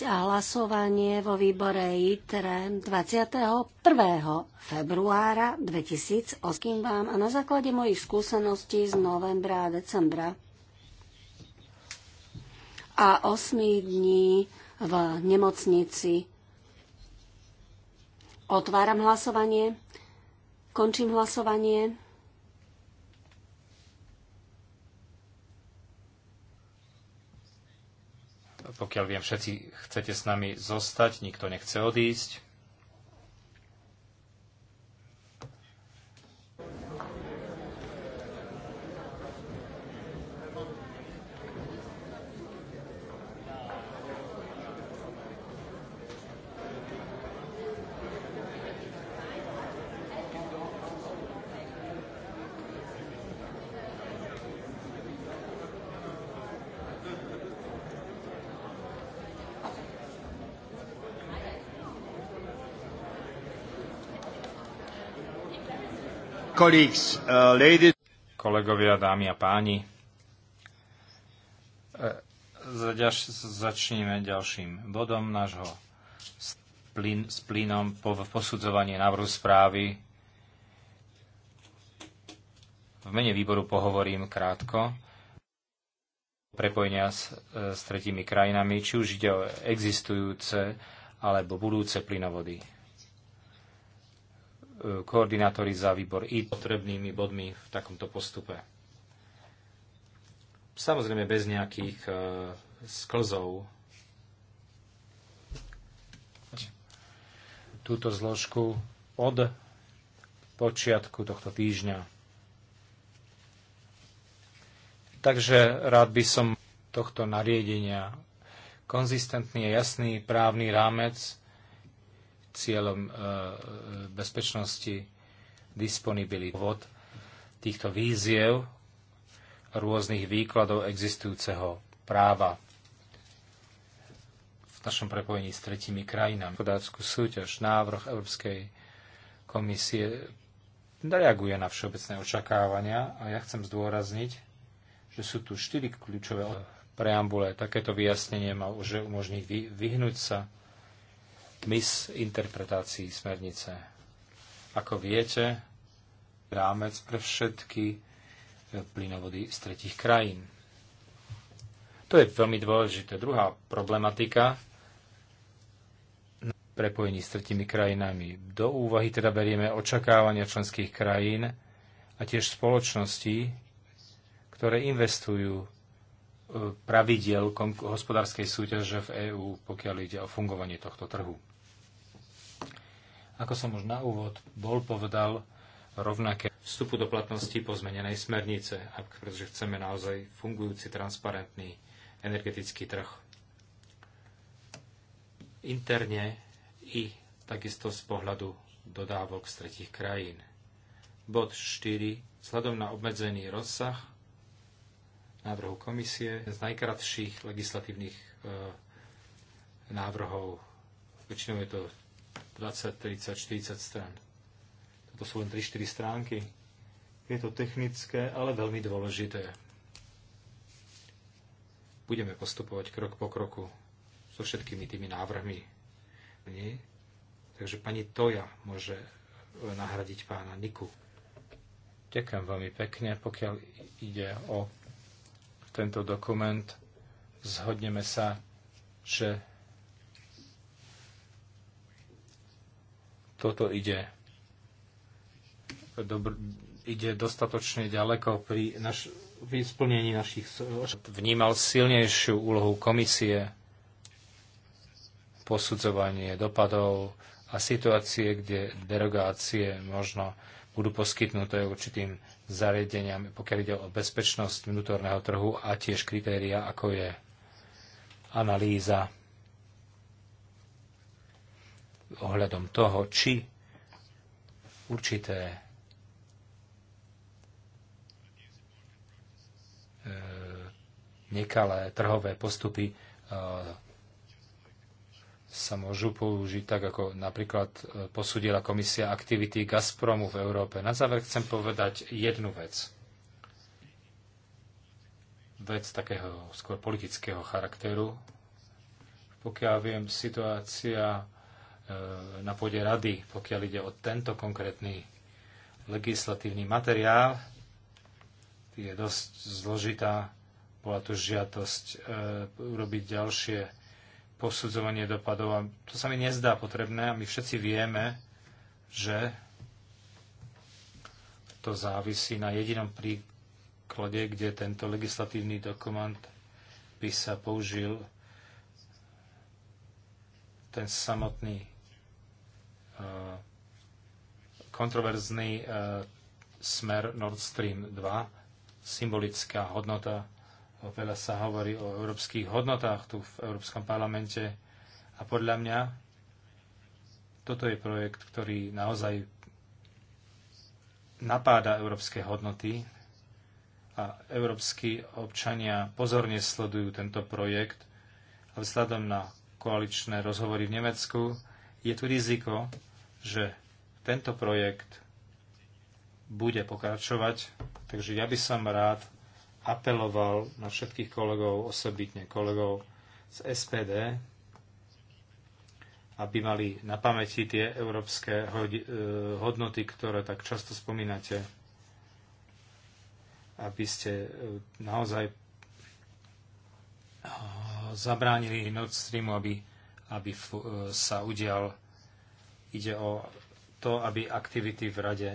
a hlasovanie vo výbore ITRE 21. februára 2008 vám a na základe mojich skúseností z novembra a decembra a 8 dní v nemocnici. Otváram hlasovanie, končím hlasovanie. pokiaľ viem, všetci chcete s nami zostať, nikto nechce odísť. Uh, Kolegovia, dámy a páni, e, začneme ďalším bodom nášho s plynom po posudzovanie návrhu správy. V mene výboru pohovorím krátko prepojenia s, e, s tretími krajinami, či už ide o existujúce alebo budúce plynovody. E, koordinátori za výbor i potrebnými bodmi v takomto postupe. Samozrejme bez nejakých e, sklzov. Túto zložku od počiatku tohto týždňa. Takže rád by som tohto nariadenia konzistentný a jasný právny rámec cieľom e, e, bezpečnosti, disponibility vod týchto víziev rôznych výkladov existujúceho práva v našom prepojení s tretimi krajinami. Podávskú súťaž, návrh Európskej komisie reaguje na všeobecné očakávania a ja chcem zdôrazniť, že sú tu štyri kľúčové preambule. Takéto vyjasnenie má už umožniť vyhnúť sa mis interpretácií smernice. Ako viete, rámec pre všetky e, plynovody z tretich krajín. To je veľmi dôležité. Druhá problematika prepojení s tretimi krajinami. Do úvahy teda berieme očakávania členských krajín a tiež spoločností, ktoré investujú e, pravidel hospodárskej súťaže v EÚ, pokiaľ ide o fungovanie tohto trhu. Ako som už na úvod bol povedal, rovnaké vstupu do platnosti po zmenenej smernice, ak, pretože chceme naozaj fungujúci, transparentný energetický trh. Interne i takisto z pohľadu dodávok z tretich krajín. Bod 4. Vzhľadom na obmedzený rozsah návrhu komisie z najkratších legislatívnych e, návrhov, väčšinou je to 20, 30, 40 strán. Toto sú len 3-4 stránky. Je to technické, ale veľmi dôležité. Budeme postupovať krok po kroku so všetkými tými návrhmi. Nie? Takže pani Toja môže e, nahradiť pána Niku. Ďakujem veľmi pekne. Pokiaľ ide o tento dokument, zhodneme sa, že Toto ide, dobr, ide dostatočne ďaleko pri, naš, vysplnení splnení našich... Vnímal silnejšiu úlohu komisie, posudzovanie dopadov a situácie, kde derogácie možno budú poskytnuté určitým zariadeniam, pokiaľ ide o bezpečnosť vnútorného trhu a tiež kritéria, ako je analýza ohľadom toho, či určité e, nekalé trhové postupy e, sa môžu použiť tak, ako napríklad e, posudila komisia aktivity Gazpromu v Európe. Na záver chcem povedať jednu vec. Vec takého skôr politického charakteru. Pokiaľ viem, situácia na pôde rady, pokiaľ ide o tento konkrétny legislatívny materiál. Je dosť zložitá. Bola tu žiadosť e, urobiť ďalšie posudzovanie dopadov a to sa mi nezdá potrebné a my všetci vieme, že to závisí na jedinom príklade, kde tento legislatívny dokument by sa použil ten samotný Eh, kontroverzný eh, smer Nord Stream 2, symbolická hodnota. Veľa sa hovorí o európskych hodnotách tu v Európskom parlamente a podľa mňa toto je projekt, ktorý naozaj napáda európske hodnoty a európsky občania pozorne sledujú tento projekt a vzhľadom na koaličné rozhovory v Nemecku je tu riziko, že tento projekt bude pokračovať. Takže ja by som rád apeloval na všetkých kolegov, osobitne kolegov z SPD, aby mali na pamäti tie európske e, hodnoty, ktoré tak často spomínate, aby ste e, naozaj e, zabránili Nord Streamu, aby, aby sa udial Ide o to, aby aktivity v rade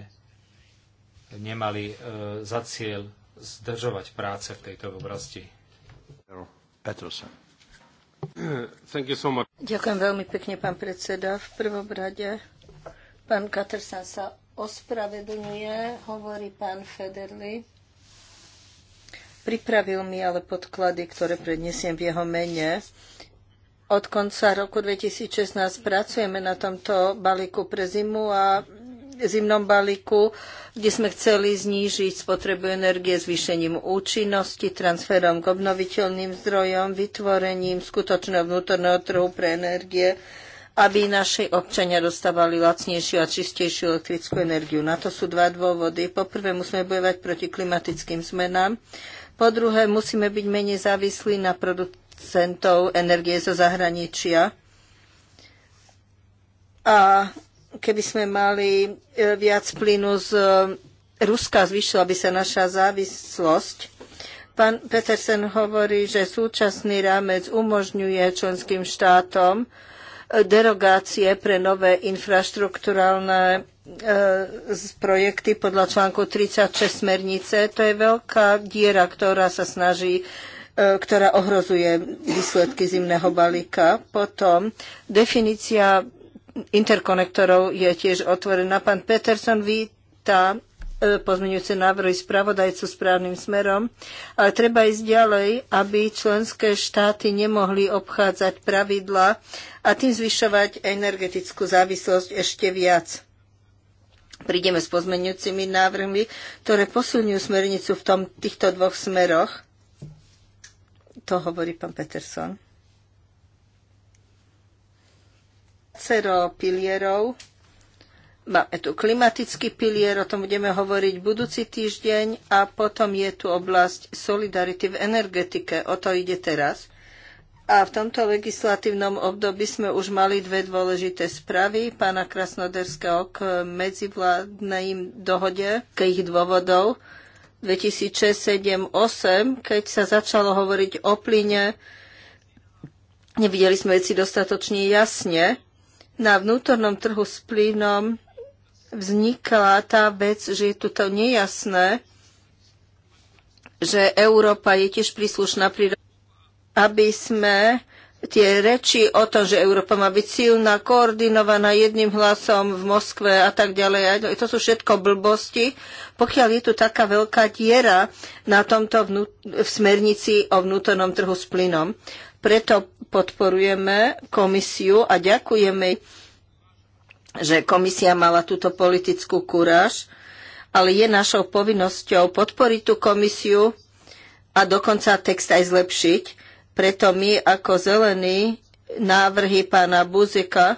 nemali e, za cieľ zdržovať práce v tejto oblasti. Ďakujem veľmi pekne, pán predseda. V prvom rade pán Katersan sa ospravedlňuje, hovorí pán Federli. Pripravil mi ale podklady, ktoré prednesiem v jeho mene. Od konca roku 2016 pracujeme na tomto balíku pre zimu a zimnom balíku, kde sme chceli znížiť spotrebu energie zvýšením účinnosti, transferom k obnoviteľným zdrojom, vytvorením skutočného vnútorného trhu pre energie, aby naši občania dostávali lacnejšiu a čistejšiu elektrickú energiu. Na to sú dva dôvody. Po prvé, musíme bojovať proti klimatickým zmenám. Po druhé, musíme byť menej závislí na produkt centov energie zo zahraničia. A keby sme mali e, viac plynu z e, Ruska, zvyšila by sa naša závislosť. Pán Petersen hovorí, že súčasný rámec umožňuje členským štátom e, derogácie pre nové infraštruktúralne projekty podľa článku 36 smernice. To je veľká diera, ktorá sa snaží E, ktorá ohrozuje výsledky zimného balíka. Potom definícia interkonektorov je tiež otvorená. Pán Peterson víta e, pozmeňujúce návrhy spravodajcu správnym smerom, ale treba ísť ďalej, aby členské štáty nemohli obchádzať pravidla a tým zvyšovať energetickú závislosť ešte viac. Prídeme s pozmeňujúcimi návrhmi, ktoré posilňujú smernicu v tom, týchto dvoch smeroch to hovorí pán Peterson. Cero pilierov. Máme tu klimatický pilier, o tom budeme hovoriť budúci týždeň a potom je tu oblasť solidarity v energetike, o to ide teraz. A v tomto legislatívnom období sme už mali dve dôležité správy pána Krasnoderského k medzivládnej dohode, k ich dôvodov 2006, 7, 8, keď sa začalo hovoriť o plyne, nevideli sme veci dostatočne jasne. Na vnútornom trhu s plynom vznikla tá vec, že je tu to nejasné, že Európa je tiež príslušná príroda, aby sme tie reči o tom, že Európa má byť silná, koordinovaná jedným hlasom v Moskve a tak ďalej. To sú všetko blbosti. Pokiaľ je tu taká veľká diera na tomto vnú- v smernici o vnútornom trhu s plynom, preto podporujeme komisiu a ďakujeme, že komisia mala túto politickú kuráž, ale je našou povinnosťou podporiť tú komisiu a dokonca text aj zlepšiť preto my ako zelení návrhy pána Buzika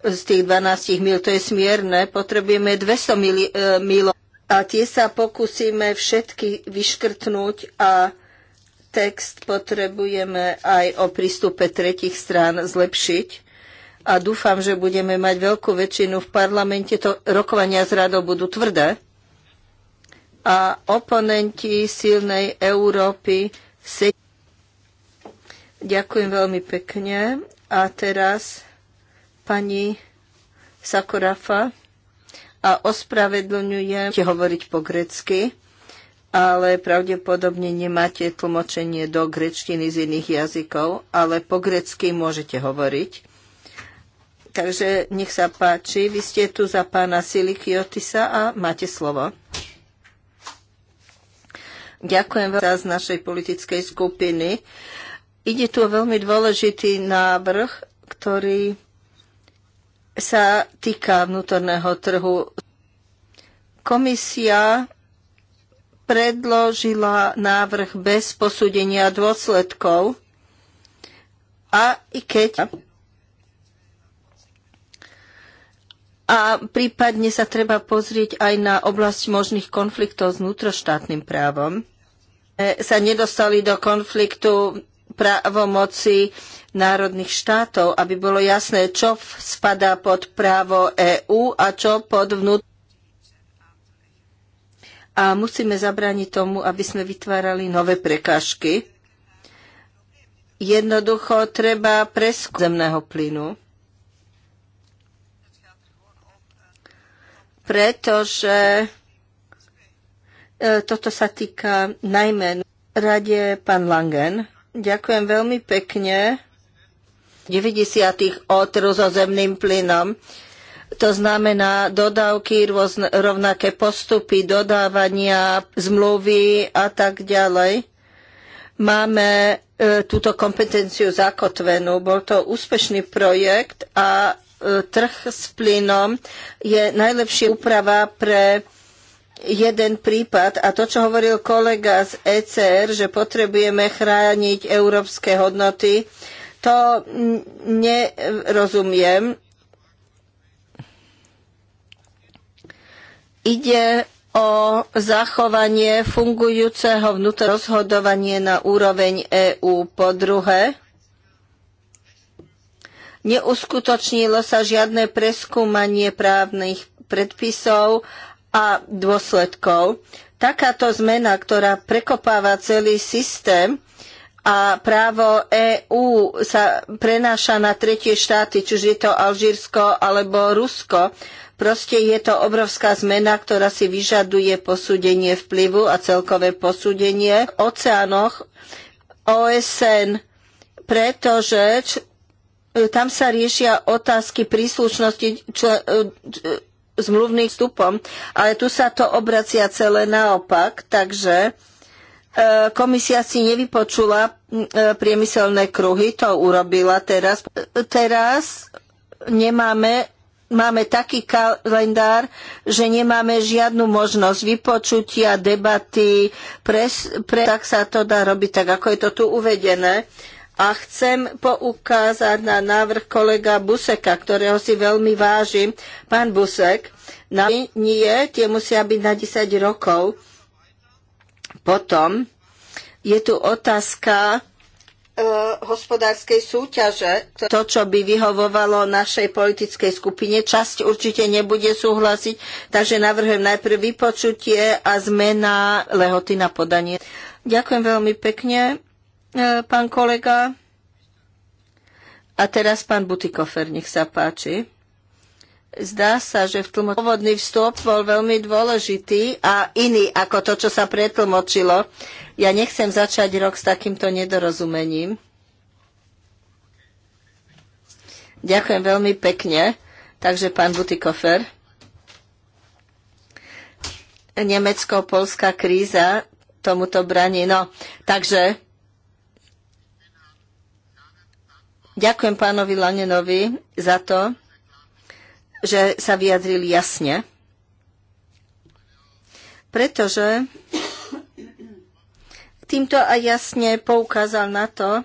z tých 12 mil, to je smierne, potrebujeme 200 mil, mil a tie sa pokúsime všetky vyškrtnúť a text potrebujeme aj o prístupe tretich strán zlepšiť. A dúfam, že budeme mať veľkú väčšinu v parlamente. To rokovania s radou budú tvrdé. A oponenti silnej Európy sedí Ďakujem veľmi pekne. A teraz pani Sakorafa a ospravedlňujem, že hovoriť po grecky, ale pravdepodobne nemáte tlmočenie do grečtiny z iných jazykov, ale po grecky môžete hovoriť. Takže nech sa páči, vy ste tu za pána Silikiotisa a máte slovo. Ďakujem vám z našej politickej skupiny. Ide tu o veľmi dôležitý návrh, ktorý sa týka vnútorného trhu. Komisia predložila návrh bez posúdenia dôsledkov a i keď a prípadne sa treba pozrieť aj na oblasť možných konfliktov s vnútroštátnym právom. E, sa nedostali do konfliktu právomoci národných štátov, aby bolo jasné, čo spadá pod právo EÚ a čo pod vnút. A musíme zabrániť tomu, aby sme vytvárali nové prekážky. Jednoducho treba preskúmať zemného plynu. Pretože e, toto sa týka najmä rade pán Langen. Ďakujem veľmi pekne. 90. od rozozemným plynom. To znamená dodávky, rôzne, rovnaké postupy dodávania, zmluvy a tak ďalej. Máme e, túto kompetenciu zakotvenú. Bol to úspešný projekt a e, trh s plynom je najlepšia úprava pre jeden prípad a to, čo hovoril kolega z ECR, že potrebujeme chrániť európske hodnoty, to nerozumiem. Ide o zachovanie fungujúceho vnútorozhodovanie na úroveň EÚ. Po druhé, neuskutočnilo sa žiadne preskúmanie právnych predpisov a dôsledkov. Takáto zmena, ktorá prekopáva celý systém a právo EÚ sa prenáša na tretie štáty, či už je to Alžírsko alebo Rusko, Proste je to obrovská zmena, ktorá si vyžaduje posúdenie vplyvu a celkové posúdenie v oceánoch OSN, pretože tam sa riešia otázky príslušnosti e, zmluvným vstupom, ale tu sa to obracia celé naopak, takže e, komisia si nevypočula e, priemyselné kruhy, to urobila teraz. E, teraz nemáme máme taký kalendár, že nemáme žiadnu možnosť vypočutia, debaty, pres, pre, tak sa to dá robiť, tak ako je to tu uvedené. A chcem poukázať na návrh kolega Buseka, ktorého si veľmi vážim. Pán Busek, na nie, tie musia byť na 10 rokov. Potom je tu otázka uh, hospodárskej súťaže. To, čo by vyhovovalo našej politickej skupine, časť určite nebude súhlasiť, takže navrhujem najprv vypočutie a zmena lehoty na podanie. Ďakujem veľmi pekne. E, pán kolega. A teraz pán Butikofer, nech sa páči. Zdá sa, že v tlmo... Pôvodný vstup bol veľmi dôležitý a iný ako to, čo sa pretlmočilo. Ja nechcem začať rok s takýmto nedorozumením. Ďakujem veľmi pekne. Takže pán Butikofer. Nemecko-polská kríza tomuto braní. No, takže Ďakujem pánovi Lanenovi za to, že sa vyjadrili jasne, pretože týmto aj jasne poukázal na to,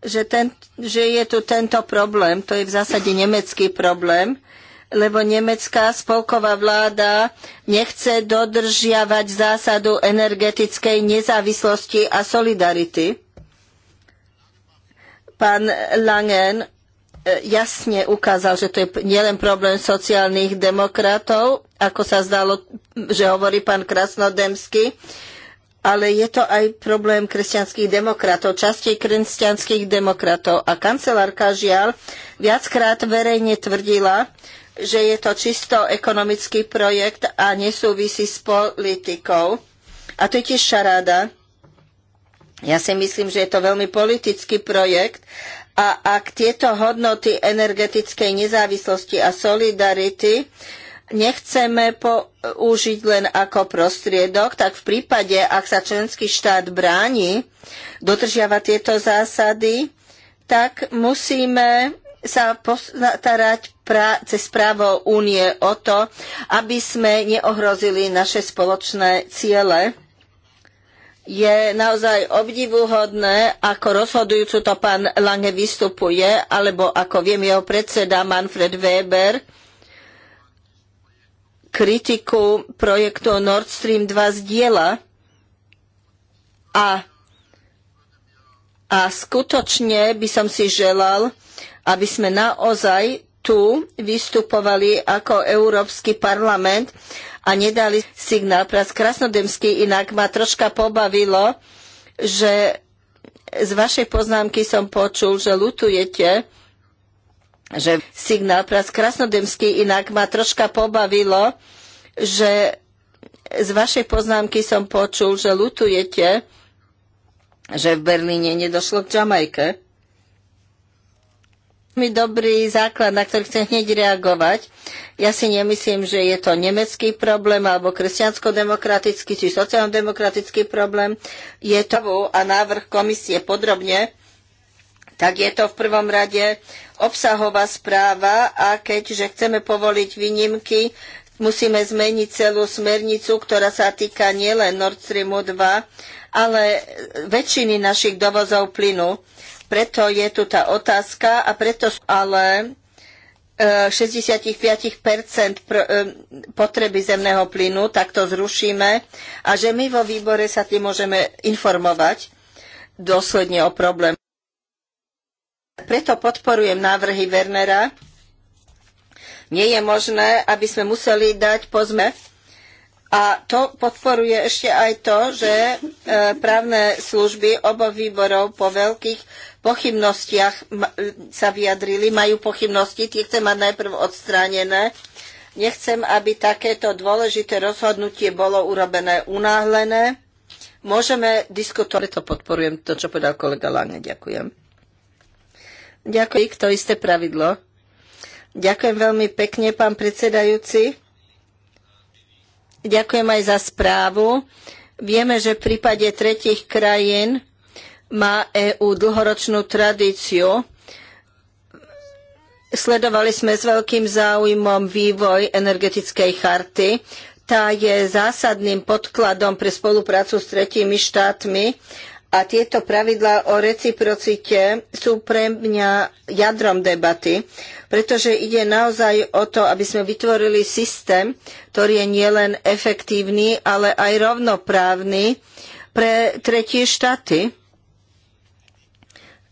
že, ten, že je tu tento problém, to je v zásade nemecký problém, lebo nemecká spolková vláda nechce dodržiavať zásadu energetickej nezávislosti a solidarity. Pán Langen e, jasne ukázal, že to je nielen problém sociálnych demokratov, ako sa zdalo, že hovorí pán Krasnodemsky, ale je to aj problém kresťanských demokratov, časti kresťanských demokratov. A kancelárka žiaľ viackrát verejne tvrdila, že je to čisto ekonomický projekt a nesúvisí s politikou. A to je tiež šaráda. Ja si myslím, že je to veľmi politický projekt a ak tieto hodnoty energetickej nezávislosti a solidarity nechceme použiť len ako prostriedok, tak v prípade, ak sa členský štát bráni dodržiava tieto zásady, tak musíme sa postarať pra- cez právo únie o to, aby sme neohrozili naše spoločné ciele je naozaj obdivuhodné, ako rozhodujúcu to pán Lange vystupuje, alebo ako viem jeho predseda Manfred Weber, kritiku projektu Nord Stream 2 zdieľa a, a skutočne by som si želal, aby sme naozaj tu vystupovali ako Európsky parlament a nedali signál. Prac Krasnodemský inak ma troška pobavilo, že z vašej poznámky som počul, že lutujete, že signál Prac Krasnodemský inak ma troška pobavilo, že z vašej poznámky som počul, že lutujete, že v Berlíne nedošlo k Jamajke mi dobrý základ, na ktorý chcem hneď reagovať. Ja si nemyslím, že je to nemecký problém alebo kresťansko-demokratický či sociálno-demokratický problém. Je to a návrh komisie podrobne tak je to v prvom rade obsahová správa a keďže chceme povoliť výnimky, musíme zmeniť celú smernicu, ktorá sa týka nielen Nord Streamu 2, ale väčšiny našich dovozov plynu. Preto je tu tá otázka a preto ale 65 eh, eh, potreby zemného plynu, tak to zrušíme a že my vo výbore sa tým môžeme informovať dôsledne o problém. Preto podporujem návrhy Wernera. Nie je možné, aby sme museli dať pozme. A to podporuje ešte aj to, že eh, právne služby oboch výborov po veľkých pochybnostiach sa vyjadrili, majú pochybnosti, tie chcem mať najprv odstránené. Nechcem, aby takéto dôležité rozhodnutie bolo urobené unáhlené. Môžeme diskutovať, preto podporujem to, čo povedal kolega Lange. Ďakujem. Ďakujem, to isté pravidlo. Ďakujem veľmi pekne, pán predsedajúci. Ďakujem aj za správu. Vieme, že v prípade tretich krajín má EÚ dlhoročnú tradíciu. Sledovali sme s veľkým záujmom vývoj energetickej charty. Tá je zásadným podkladom pre spoluprácu s tretími štátmi a tieto pravidlá o reciprocite sú pre mňa jadrom debaty, pretože ide naozaj o to, aby sme vytvorili systém, ktorý je nielen efektívny, ale aj rovnoprávny pre tretie štáty.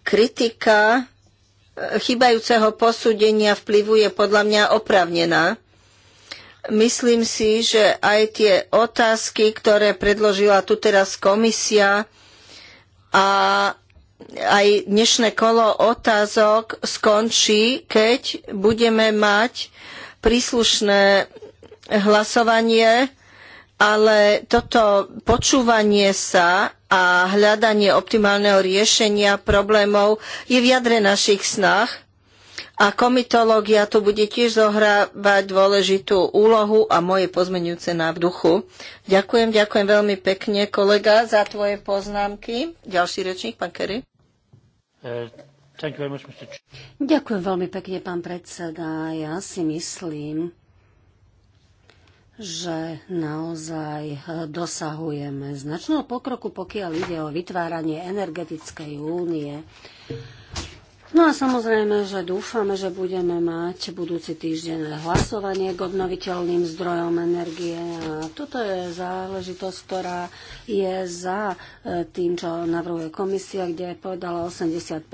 Kritika e, chybajúceho posúdenia vplyvu je podľa mňa opravnená. Myslím si, že aj tie otázky, ktoré predložila tu teraz komisia a aj dnešné kolo otázok skončí, keď budeme mať príslušné hlasovanie ale toto počúvanie sa a hľadanie optimálneho riešenia problémov je v jadre našich snách a komitológia tu bude tiež zohrávať dôležitú úlohu a moje pozmenujúce na duchu. Ďakujem, ďakujem veľmi pekne, kolega, za tvoje poznámky. Ďalší rečník, pán Kerry. E, ďakujem veľmi pekne, pán predseda. Ja si myslím, že naozaj e, dosahujeme značného pokroku, pokiaľ ide o vytváranie energetickej únie. No a samozrejme, že dúfame, že budeme mať budúci týždeň hlasovanie k obnoviteľným zdrojom energie. A toto je záležitosť, ktorá je za e, tým, čo navrhuje komisia, kde je povedala 85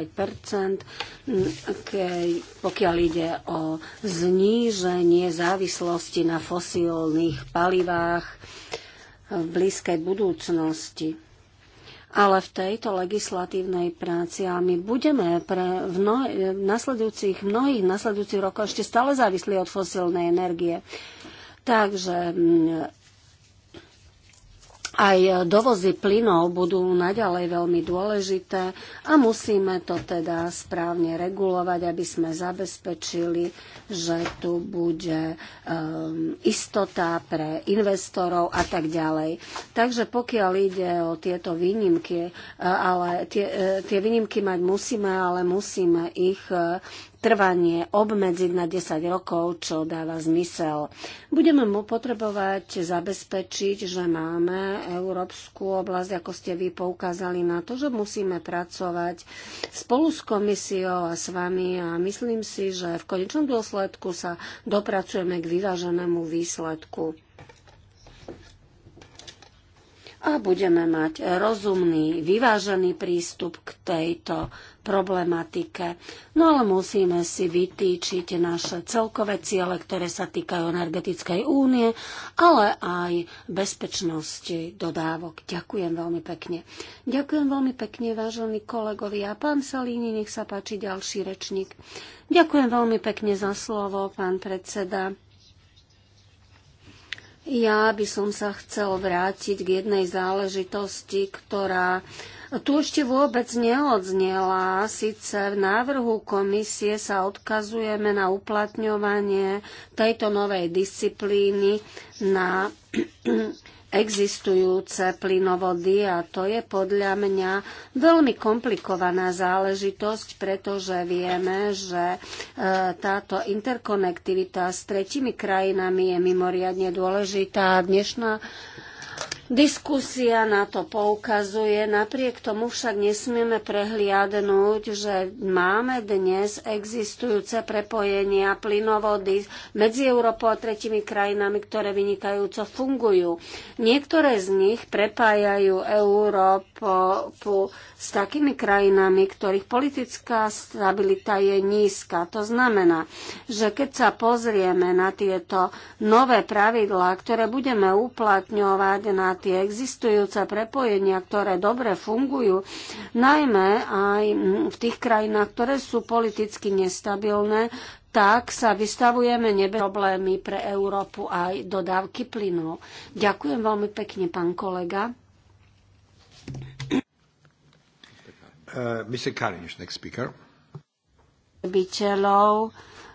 keď, pokiaľ ide o zníženie závislosti na fosílnych palivách v blízkej budúcnosti ale v tejto legislatívnej práci a my budeme pre v nasledujúcich, mnohých nasledujúcich rokov ešte stále závislí od fosilnej energie. Takže mm, aj e, dovozy plynov budú naďalej veľmi dôležité a musíme to teda správne regulovať, aby sme zabezpečili, že tu bude um, istota pre investorov a tak ďalej. Takže pokiaľ ide o tieto výnimky, e, ale tie, tie výnimky mať musíme, ale musíme ich trvanie obmedziť na 10 rokov, čo dáva zmysel. Budeme mu potrebovať zabezpečiť, že máme európsku oblasť, ako ste vy poukázali na to, že musíme pracovať spolu s komisiou a s vami a myslím si, že v konečnom dôsledku sa dopracujeme k vyváženému výsledku a budeme mať rozumný, vyvážený prístup k tejto problematike. No ale musíme si vytýčiť naše celkové ciele, ktoré sa týkajú energetickej únie, ale aj bezpečnosti dodávok. Ďakujem veľmi pekne. Ďakujem veľmi pekne, vážení kolegovi. A Pán Salíni, nech sa páči ďalší rečník. Ďakujem veľmi pekne za slovo, pán predseda. Ja by som sa chcel vrátiť k jednej záležitosti, ktorá No tu ešte vôbec neodznela. Sice v návrhu komisie sa odkazujeme na uplatňovanie tejto novej disciplíny na existujúce plynovody a to je podľa mňa veľmi komplikovaná záležitosť, pretože vieme, že e, táto interkonektivita s tretimi krajinami je mimoriadne dôležitá. Dnešná Diskusia na to poukazuje, napriek tomu však nesmieme prehliadnúť, že máme dnes existujúce prepojenia plynovody medzi Európou a tretimi krajinami, ktoré vynikajúco fungujú. Niektoré z nich prepájajú Európu s takými krajinami, ktorých politická stabilita je nízka. To znamená, že keď sa pozrieme na tieto nové pravidlá, ktoré budeme uplatňovať na tie existujúce prepojenia, ktoré dobre fungujú, najmä aj v tých krajinách, ktoré sú politicky nestabilné, tak sa vystavujeme nebe problémy pre Európu aj dodávky plynov. Ďakujem veľmi pekne, pán kolega. Uh, Karinš,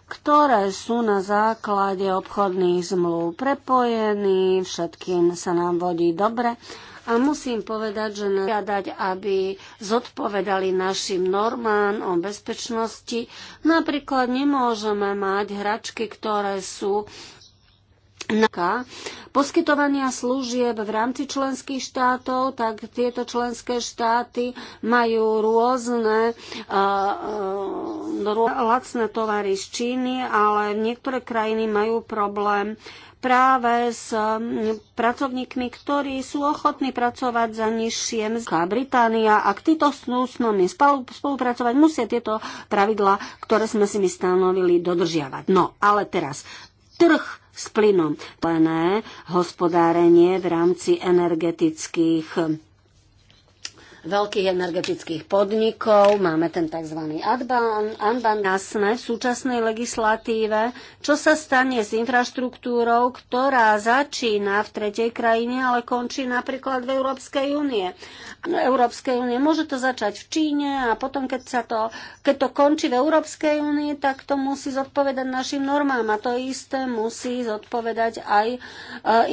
ktoré sú na základe obchodných zmluv prepojení, všetkým sa nám vodí dobre. A musím povedať, že žiadať, aby zodpovedali našim normám o bezpečnosti. Napríklad nemôžeme mať hračky, ktoré sú poskytovania služieb v rámci členských štátov, tak tieto členské štáty majú rôzne uh, rô, lacné tovary z Číny, ale niektoré krajiny majú problém práve s pracovníkmi, ktorí sú ochotní pracovať za nižšie mzdy. Británia, ak títo snú s nami spolupracovať, musia tieto pravidlá, ktoré sme si my stanovili, dodržiavať. No, ale teraz trh s plynom. Plené hospodárenie v rámci energetických veľkých energetických podnikov, máme ten tzv. Anban jasné v súčasnej legislatíve, čo sa stane s infraštruktúrou, ktorá začína v tretej krajine, ale končí napríklad v Európskej únie. Európskej únie môže to začať v Číne a potom, keď, sa to, keď to končí v Európskej únie, tak to musí zodpovedať našim normám a to isté musí zodpovedať aj e,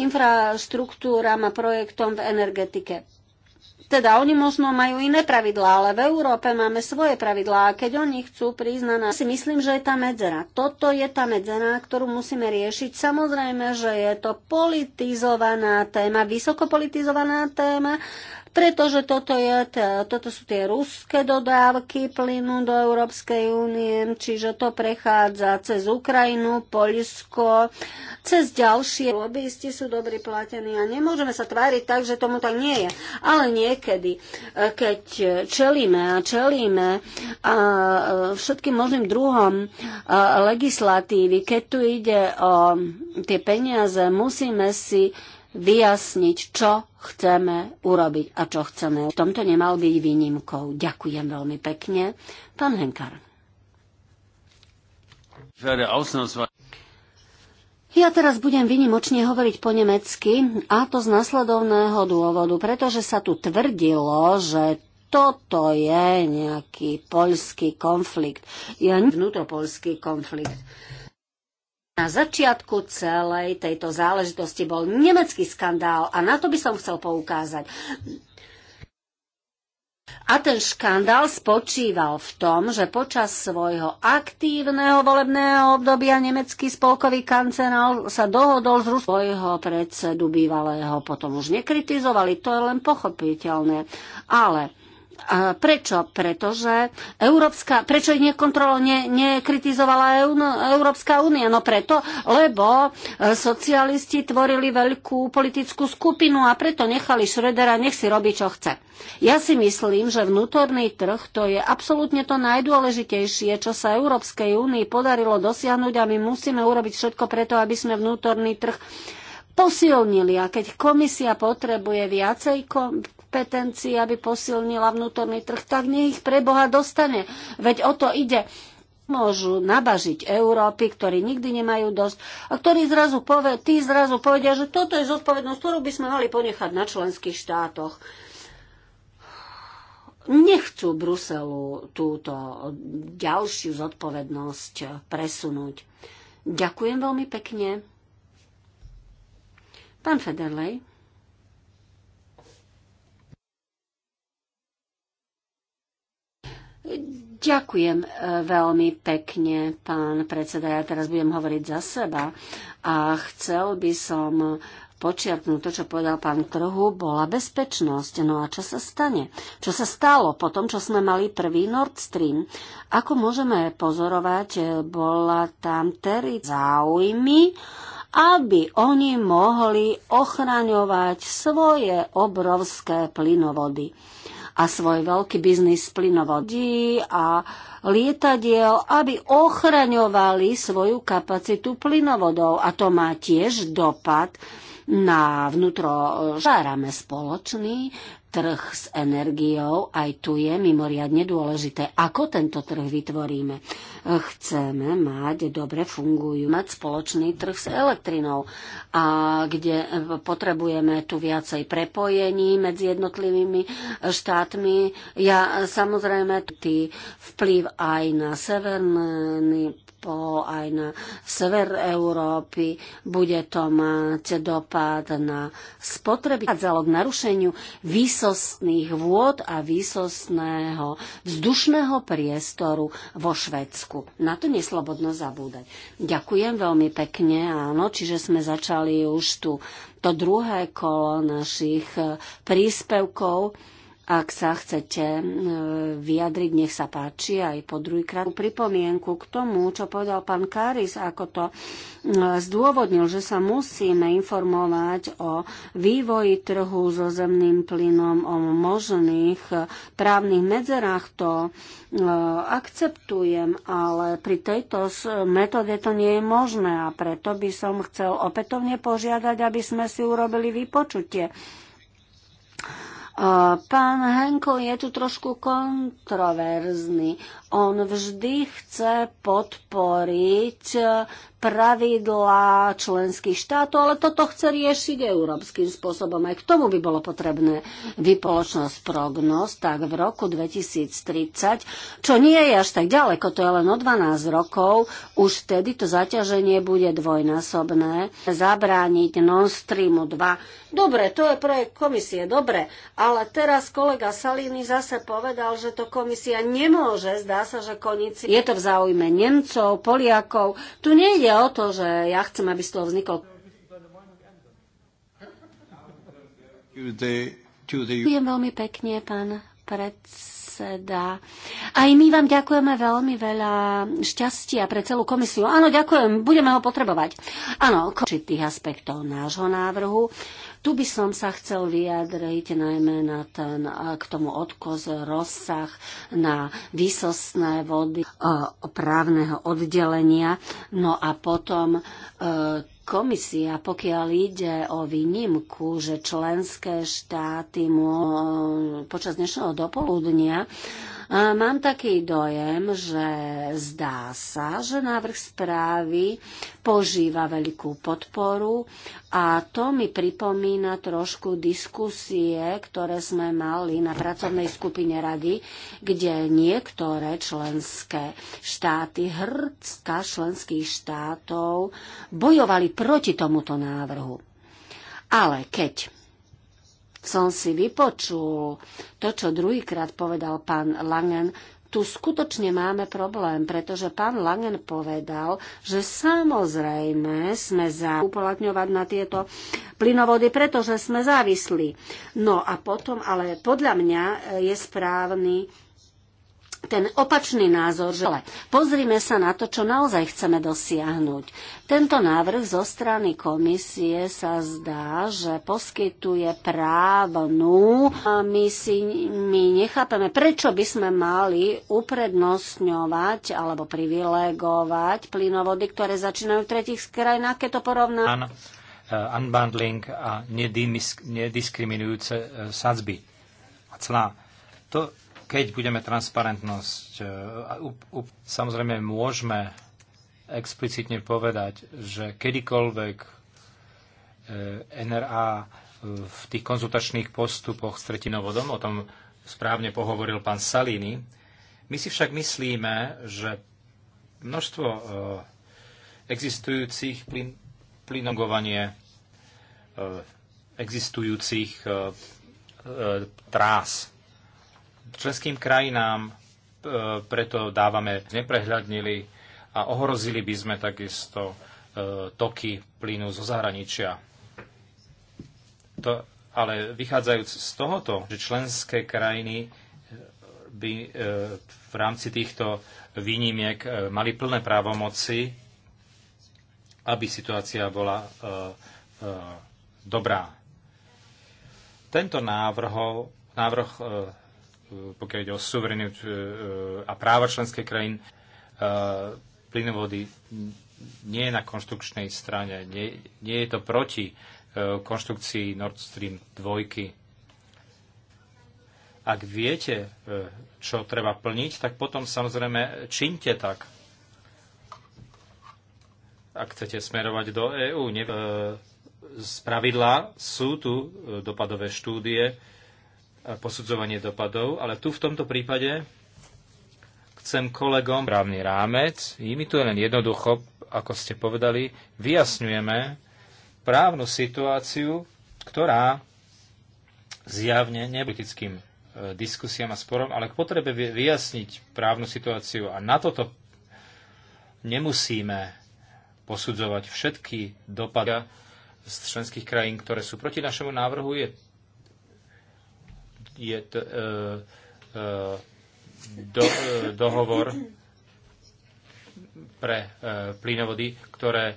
infraštruktúram a projektom v energetike. Teda oni možno majú iné pravidlá, ale v Európe máme svoje pravidlá a keď oni chcú prísť na nás, si myslím, že je tá medzera. Toto je tá medzera, ktorú musíme riešiť. Samozrejme, že je to politizovaná téma, vysokopolitizovaná téma, pretože toto, je, toto sú tie ruské dodávky plynu do Európskej únie, čiže to prechádza cez Ukrajinu, Polsko, cez ďalšie. Lobbyisti sú dobrí platení a nemôžeme sa tváriť tak, že tomu tak nie je. Ale niekedy, e, keď čelíme a čelíme a e, všetkým možným druhom e, legislatívy, keď tu ide o tie peniaze, musíme si vyjasniť, čo chceme urobiť a čo chceme. V tomto nemal byť výnimkou. Ďakujem veľmi pekne. Pán Henkar. Ja teraz budem vynimočne hovoriť po nemecky a to z nasledovného dôvodu, pretože sa tu tvrdilo, že toto je nejaký poľský konflikt. Ja vnútropoľský konflikt. Na začiatku celej tejto záležitosti bol nemecký skandál a na to by som chcel poukázať. A ten škandál spočíval v tom, že počas svojho aktívneho volebného obdobia nemecký spolkový kancenál sa dohodol z Rusu. svojho predsedu bývalého potom už nekritizovali, to je len pochopiteľné. Ale a prečo? Pretože Európska, prečo ich nekontrolo, ne, nekritizovala Európska únia? No preto, lebo e, socialisti tvorili veľkú politickú skupinu a preto nechali Šredera, nech si robí, čo chce. Ja si myslím, že vnútorný trh to je absolútne to najdôležitejšie, čo sa Európskej únii podarilo dosiahnuť a my musíme urobiť všetko preto, aby sme vnútorný trh posilnili. A keď komisia potrebuje viacej kompetencií, aby posilnila vnútorný trh, tak nech ich pre Boha dostane. Veď o to ide môžu nabažiť Európy, ktorí nikdy nemajú dosť a ktorí zrazu, poved, tí zrazu povedia, že toto je zodpovednosť, ktorú by sme mali ponechať na členských štátoch. Nechcú Bruselu túto ďalšiu zodpovednosť presunúť. Ďakujem veľmi pekne. Pán Federlej. Ďakujem e, veľmi pekne, pán predseda. Ja teraz budem hovoriť za seba a chcel by som počiarknúť to, čo povedal pán Krhu, bola bezpečnosť. No a čo sa stane? Čo sa stalo po tom, čo sme mali prvý Nord Stream? Ako môžeme pozorovať, e, bola tam tery záujmy, aby oni mohli ochraňovať svoje obrovské plynovody a svoj veľký biznis plynovodí a lietadiel, aby ochraňovali svoju kapacitu plynovodov. A to má tiež dopad na vnútro žárame spoločný trh s energiou, aj tu je mimoriadne dôležité, ako tento trh vytvoríme. Chceme mať dobre fungujú, mať spoločný trh s elektrinou, a kde potrebujeme tu viacej prepojení medzi jednotlivými štátmi. Ja samozrejme tý vplyv aj na severný po aj na sever Európy. Bude to mať dopad na spotreby. Hádzalo k narušeniu výsostných vôd a výsostného vzdušného priestoru vo Švedsku. Na to neslobodno zabúdať. Ďakujem veľmi pekne, áno, čiže sme začali už tu to druhé kolo našich príspevkov. Ak sa chcete e, vyjadriť, nech sa páči aj po druhýkrát pripomienku k tomu, čo povedal pán Karis, ako to e, zdôvodnil, že sa musíme informovať o vývoji trhu so zemným plynom, o možných e, právnych medzerách. To akceptujem, ale pri tejto metóde to nie je možné a preto by som chcel opätovne požiadať, aby sme si urobili vypočutie Pán Henko je tu trošku kontroverzný. On vždy chce podporiť pravidlá členských štátov, ale toto chce riešiť európskym spôsobom. Aj k tomu by bolo potrebné vypoločnosť prognoz, tak v roku 2030, čo nie je až tak ďaleko, to je len o 12 rokov, už vtedy to zaťaženie bude dvojnásobné, zabrániť non-streamu 2. Dobre, to je projekt komisie, dobre, ale teraz kolega Salini zase povedal, že to komisia nemôže, zdá sa, že konici. Je to v záujme Nemcov, Poliakov, tu nejde ide o to, že ja chcem, aby z toho vznikol Ďakujem veľmi pekne, pán predseda. Aj my vám ďakujeme veľmi veľa šťastia pre celú komisiu. Áno, ďakujem, budeme ho potrebovať. Áno, tých aspektov nášho návrhu. Tu by som sa chcel vyjadriť najmä na ten, k tomu odkoz rozsah na výsostné vody e, právneho oddelenia. No a potom e, Komisia, pokiaľ ide o výnimku, že členské štáty mô, počas dnešného dopoludnia Mám taký dojem, že zdá sa, že návrh správy požíva veľkú podporu a to mi pripomína trošku diskusie, ktoré sme mali na pracovnej skupine rady, kde niektoré členské štáty, hrdska členských štátov, bojovali proti tomuto návrhu. Ale keď som si vypočul to, čo druhýkrát povedal pán Langen, tu skutočne máme problém, pretože pán Langen povedal, že samozrejme sme za uplatňovať na tieto plynovody, pretože sme závislí. No a potom, ale podľa mňa eh, je správny ten opačný názor, že pozrime sa na to, čo naozaj chceme dosiahnuť. Tento návrh zo strany komisie sa zdá, že poskytuje právnu my, si, my nechápeme, prečo by sme mali uprednostňovať alebo privilegovať plynovody, ktoré začínajú v tretich krajinách, keď to porovnáme. Eh, unbundling a nediskriminujúce eh, sadzby a clá. To keď budeme transparentnosť, e, samozrejme môžeme explicitne povedať, že kedykoľvek e, NRA e, v tých konzultačných postupoch s tretinovodom, o tom správne pohovoril pán Salini, my si však myslíme, že množstvo existujúcich plyn, plynogovanie existujúcich trás Členským krajinám e, preto dávame neprehľadnili a ohrozili by sme takisto e, toky plynu zo zahraničia. To, ale vychádzajúc z tohoto, že členské krajiny e, by v rámci týchto výnimiek mali plné právomoci, aby situácia bola dobrá. Tento návrh, návrh pokiaľ ide o suverenitu e, e, a práva členskej krajín, e, plynovody nie je na konštrukčnej strane, nie, nie je to proti konštrukcii Nord Stream 2. Ak viete, čo treba plniť, tak potom samozrejme činte tak. Ak chcete smerovať do EÚ, ne... z pravidla sú tu dopadové štúdie, E, posudzovanie dopadov, ale tu v tomto prípade chcem kolegom právny rámec, my tu len jednoducho, ako ste povedali, vyjasňujeme právnu situáciu, ktorá zjavne nepolitickým e, diskusiam a sporom, ale k potrebe vyjasniť právnu situáciu a na toto nemusíme posudzovať všetky dopady z členských krajín, ktoré sú proti našemu návrhu, je je t, e, e, do, e, dohovor pre e, plynovody, ktoré e,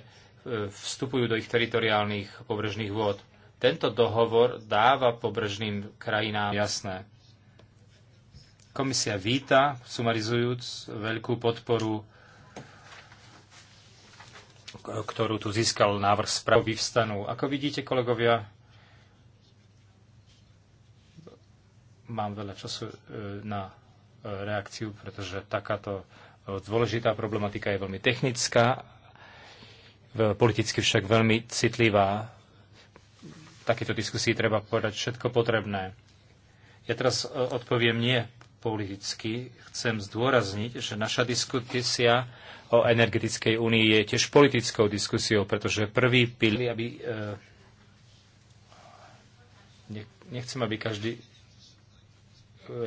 vstupujú do ich teritoriálnych pobrežných vôd. Tento dohovor dáva pobrežným krajinám jasné. Komisia víta, sumarizujúc, veľkú podporu, ktorú tu získal návrh správy vyvstanú. Ako vidíte, kolegovia, mám veľa času e, na e, reakciu, pretože takáto e, dôležitá problematika je veľmi technická, politicky však veľmi citlivá. V takéto diskusii treba povedať všetko potrebné. Ja teraz odpoviem nie politicky. Chcem zdôrazniť, že naša diskusia o energetickej únii je tiež politickou diskusiou, pretože prvý pilier, aby... nechcem, aby každý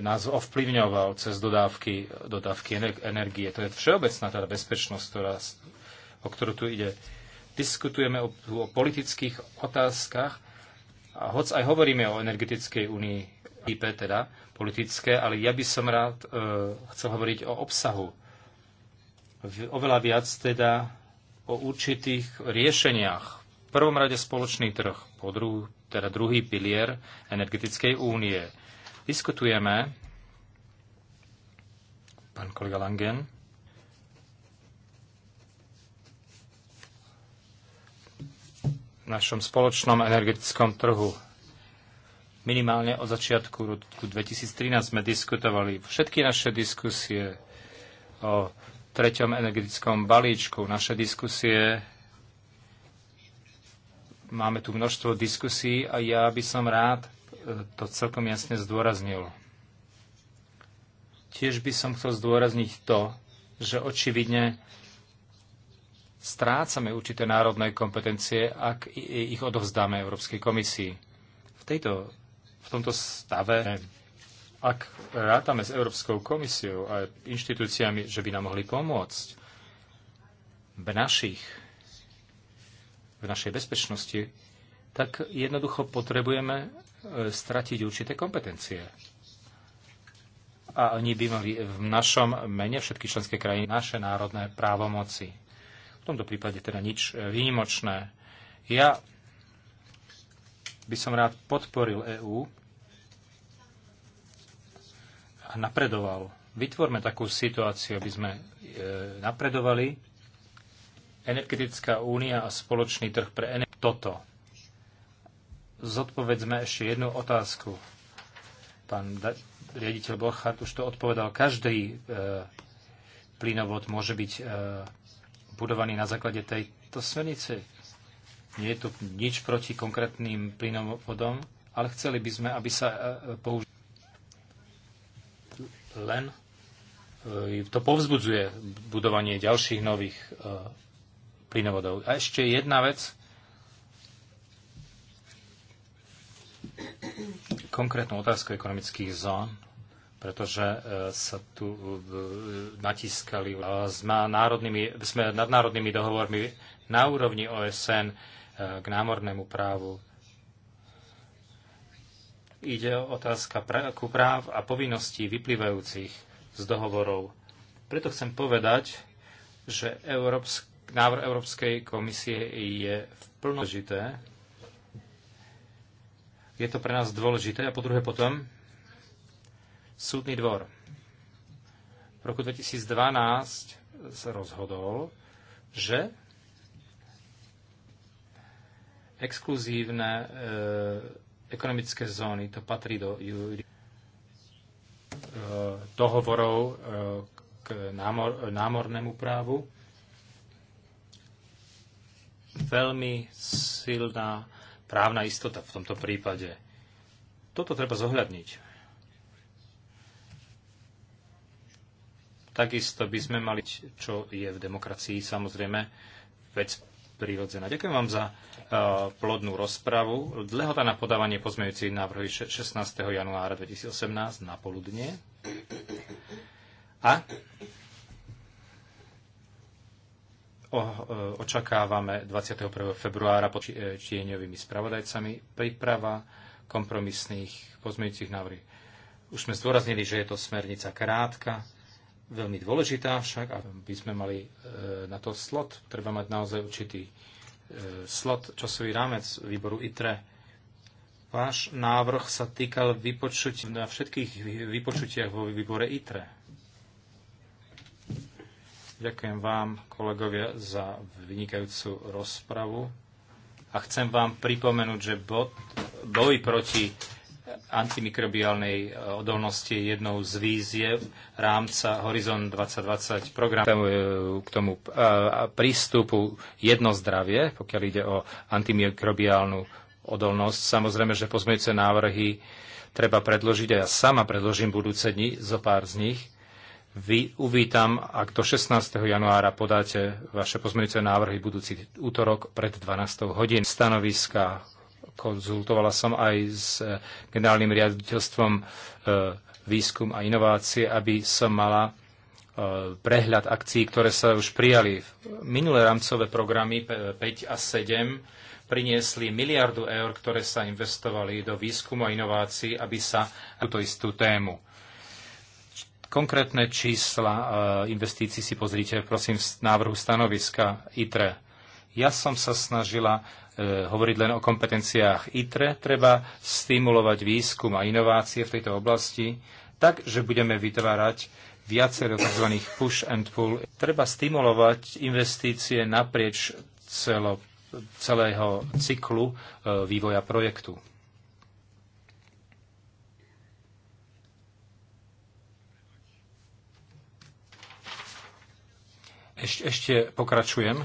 nás ovplyvňoval cez dodávky, dodávky energie. To je všeobecná teda bezpečnosť, ktorá, o ktorú tu ide. Diskutujeme o, o politických otázkach a hoc aj hovoríme o energetickej únii IP, teda politické, ale ja by som rád e, chcel hovoriť o obsahu. V, oveľa viac teda o určitých riešeniach. V prvom rade spoločný trh, po druh, teda druhý pilier energetickej únie Diskutujeme, pán kolega Langen, v našom spoločnom energetickom trhu. Minimálne od začiatku roku 2013 sme diskutovali všetky naše diskusie o treťom energetickom balíčku, naše diskusie. Máme tu množstvo diskusí a ja by som rád to celkom jasne zdôraznil. Tiež by som chcel zdôrazniť to, že očividne strácame určité národné kompetencie, ak ich odovzdáme Európskej komisii. V, tejto, v tomto stave, ak rátame s Európskou komisiou a inštitúciami, že by nám mohli pomôcť v, našich, v našej bezpečnosti, tak jednoducho potrebujeme E, stratiť určité kompetencie. A oni by mali v našom mene všetky členské krajiny naše národné právomoci. V tomto prípade teda nič e, výnimočné. Ja by som rád podporil EÚ a napredoval. Vytvorme takú situáciu, aby sme e, napredovali. Energetická únia a spoločný trh pre energiu. Toto zodpovedzme ešte jednu otázku. Pán riaditeľ Bochart už to odpovedal. Každý e, plynovod môže byť e, budovaný na základe tejto smernice. Nie je tu nič proti konkrétnym plynovodom, ale chceli by sme, aby sa e, použili len e, to povzbudzuje budovanie ďalších nových e, plynovodov. A ešte jedna vec, konkrétnu otázku ekonomických zón, pretože e, sa tu e, natiskali. E, sme, národnými, sme nadnárodnými dohovormi na úrovni OSN k námornému právu. Ide o otázka ku práv a povinností vyplývajúcich z dohovorov. Preto chcem povedať, že Európsk, návrh Európskej komisie je v plnožité je to pre nás dôležité. A po druhé potom, súdny dvor. V roku 2012 sa rozhodol, že exkluzívne e, ekonomické zóny, to patrí do e, dohovorov e, k námor, námornému právu, veľmi silná právna istota v tomto prípade. Toto treba zohľadniť. Takisto by sme mali, čo je v demokracii samozrejme vec prirodzená. Ďakujem vám za eh, plodnú rozpravu. Dlehota na podávanie pozmejúcich návrhy 16. januára 2018 na poludne. A E, očakávame 21. februára pod e, tieňovými spravodajcami príprava kompromisných pozmeňujúcich návrhov. Už sme zdôraznili, že je to smernica krátka, veľmi dôležitá však, a by sme mali e, na to slot, treba mať naozaj určitý slot, časový rámec výboru ITRE. Váš návrh sa týkal vypočuť na všetkých vypočutiach vo výbore ITRE. Ďakujem vám, kolegovia, za vynikajúcu rozpravu. A chcem vám pripomenúť, že boj proti antimikrobiálnej e, odolnosti je jednou z víziev rámca Horizon 2020 programu e, k tomu e, prístupu jedno zdravie, pokiaľ ide o antimikrobiálnu odolnosť. Samozrejme, že pozmejúce návrhy treba predložiť a ja sama predložím budúce dni zo pár z nich vy uvítam, ak do 16. januára podáte vaše pozmeňujúce návrhy budúci útorok pred 12. hodín. Stanoviska konzultovala som aj s eh, generálnym riaditeľstvom eh, výskum a inovácie, aby som mala eh, prehľad akcií, ktoré sa už prijali. Minulé rámcové programy 5 a 7 priniesli miliardu eur, ktoré sa investovali do výskumu a inovácií, aby sa túto istú tému. Konkrétne čísla e, investícií si pozrite, prosím, v návrhu stanoviska ITRE. Ja som sa snažila e, hovoriť len o kompetenciách ITRE. Treba stimulovať výskum a inovácie v tejto oblasti, tak, že budeme vytvárať viacero tzv. push and pull. Treba stimulovať investície naprieč celo, celého cyklu e, vývoja projektu. Ešte, ešte pokračujem.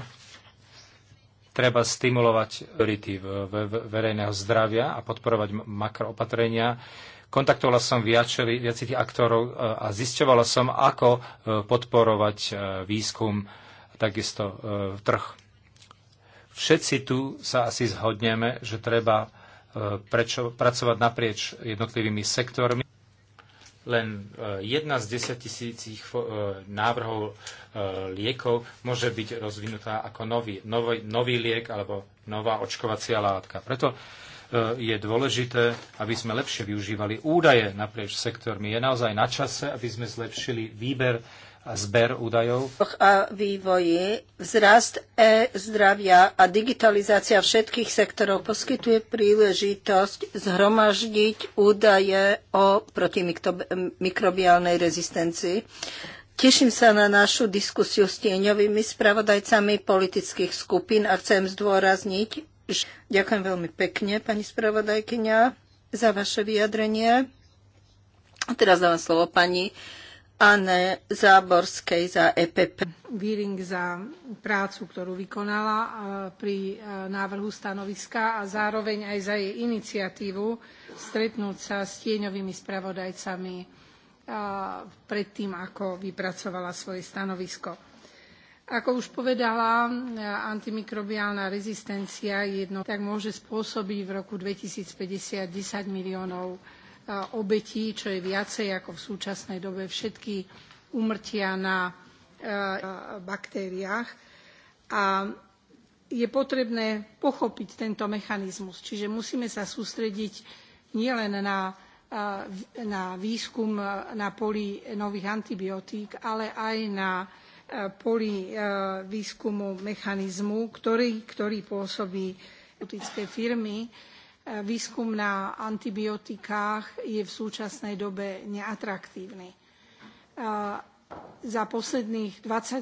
Treba stimulovať priority verejného zdravia a podporovať makroopatrenia. Kontaktovala som viacerých viac aktorov e, a zisťovala som, ako e, podporovať e, výskum, takisto trh všetci tu sa asi zhodneme, že treba prečo, pracovať naprieč jednotlivými sektormi len e, jedna z desiatisícich e, návrhov e, liekov môže byť rozvinutá ako nový, nový, nový liek alebo nová očkovacia látka. Preto je dôležité, aby sme lepšie využívali údaje naprieč sektormi. Je naozaj na čase, aby sme zlepšili výber zber údajov. A vývoji vzrast e-zdravia a digitalizácia všetkých sektorov poskytuje príležitosť zhromaždiť údaje o protimikrobiálnej rezistencii. Teším sa na našu diskusiu s tieňovými spravodajcami politických skupín a chcem zdôrazniť, že ďakujem veľmi pekne, pani spravodajkynia, za vaše vyjadrenie. A teraz dávam slovo pani Anne Záborskej za EPP. za prácu, ktorú vykonala e, pri e, návrhu stanoviska a zároveň aj za jej iniciatívu stretnúť sa s tieňovými spravodajcami e, predtým, ako vypracovala svoje stanovisko. Ako už povedala, antimikrobiálna rezistencia jedno, tak môže spôsobiť v roku 2050 10 miliónov obetí, čo je viacej ako v súčasnej dobe všetky úmrtia na e, baktériách. A je potrebné pochopiť tento mechanizmus. Čiže musíme sa sústrediť nielen na, na výskum e, na poli nových antibiotík, ale aj na e, poli výskumu mechanizmu, ktorý, ktorý pôsobí firmy výskum na antibiotikách je v súčasnej dobe neatraktívny. Za posledných twenty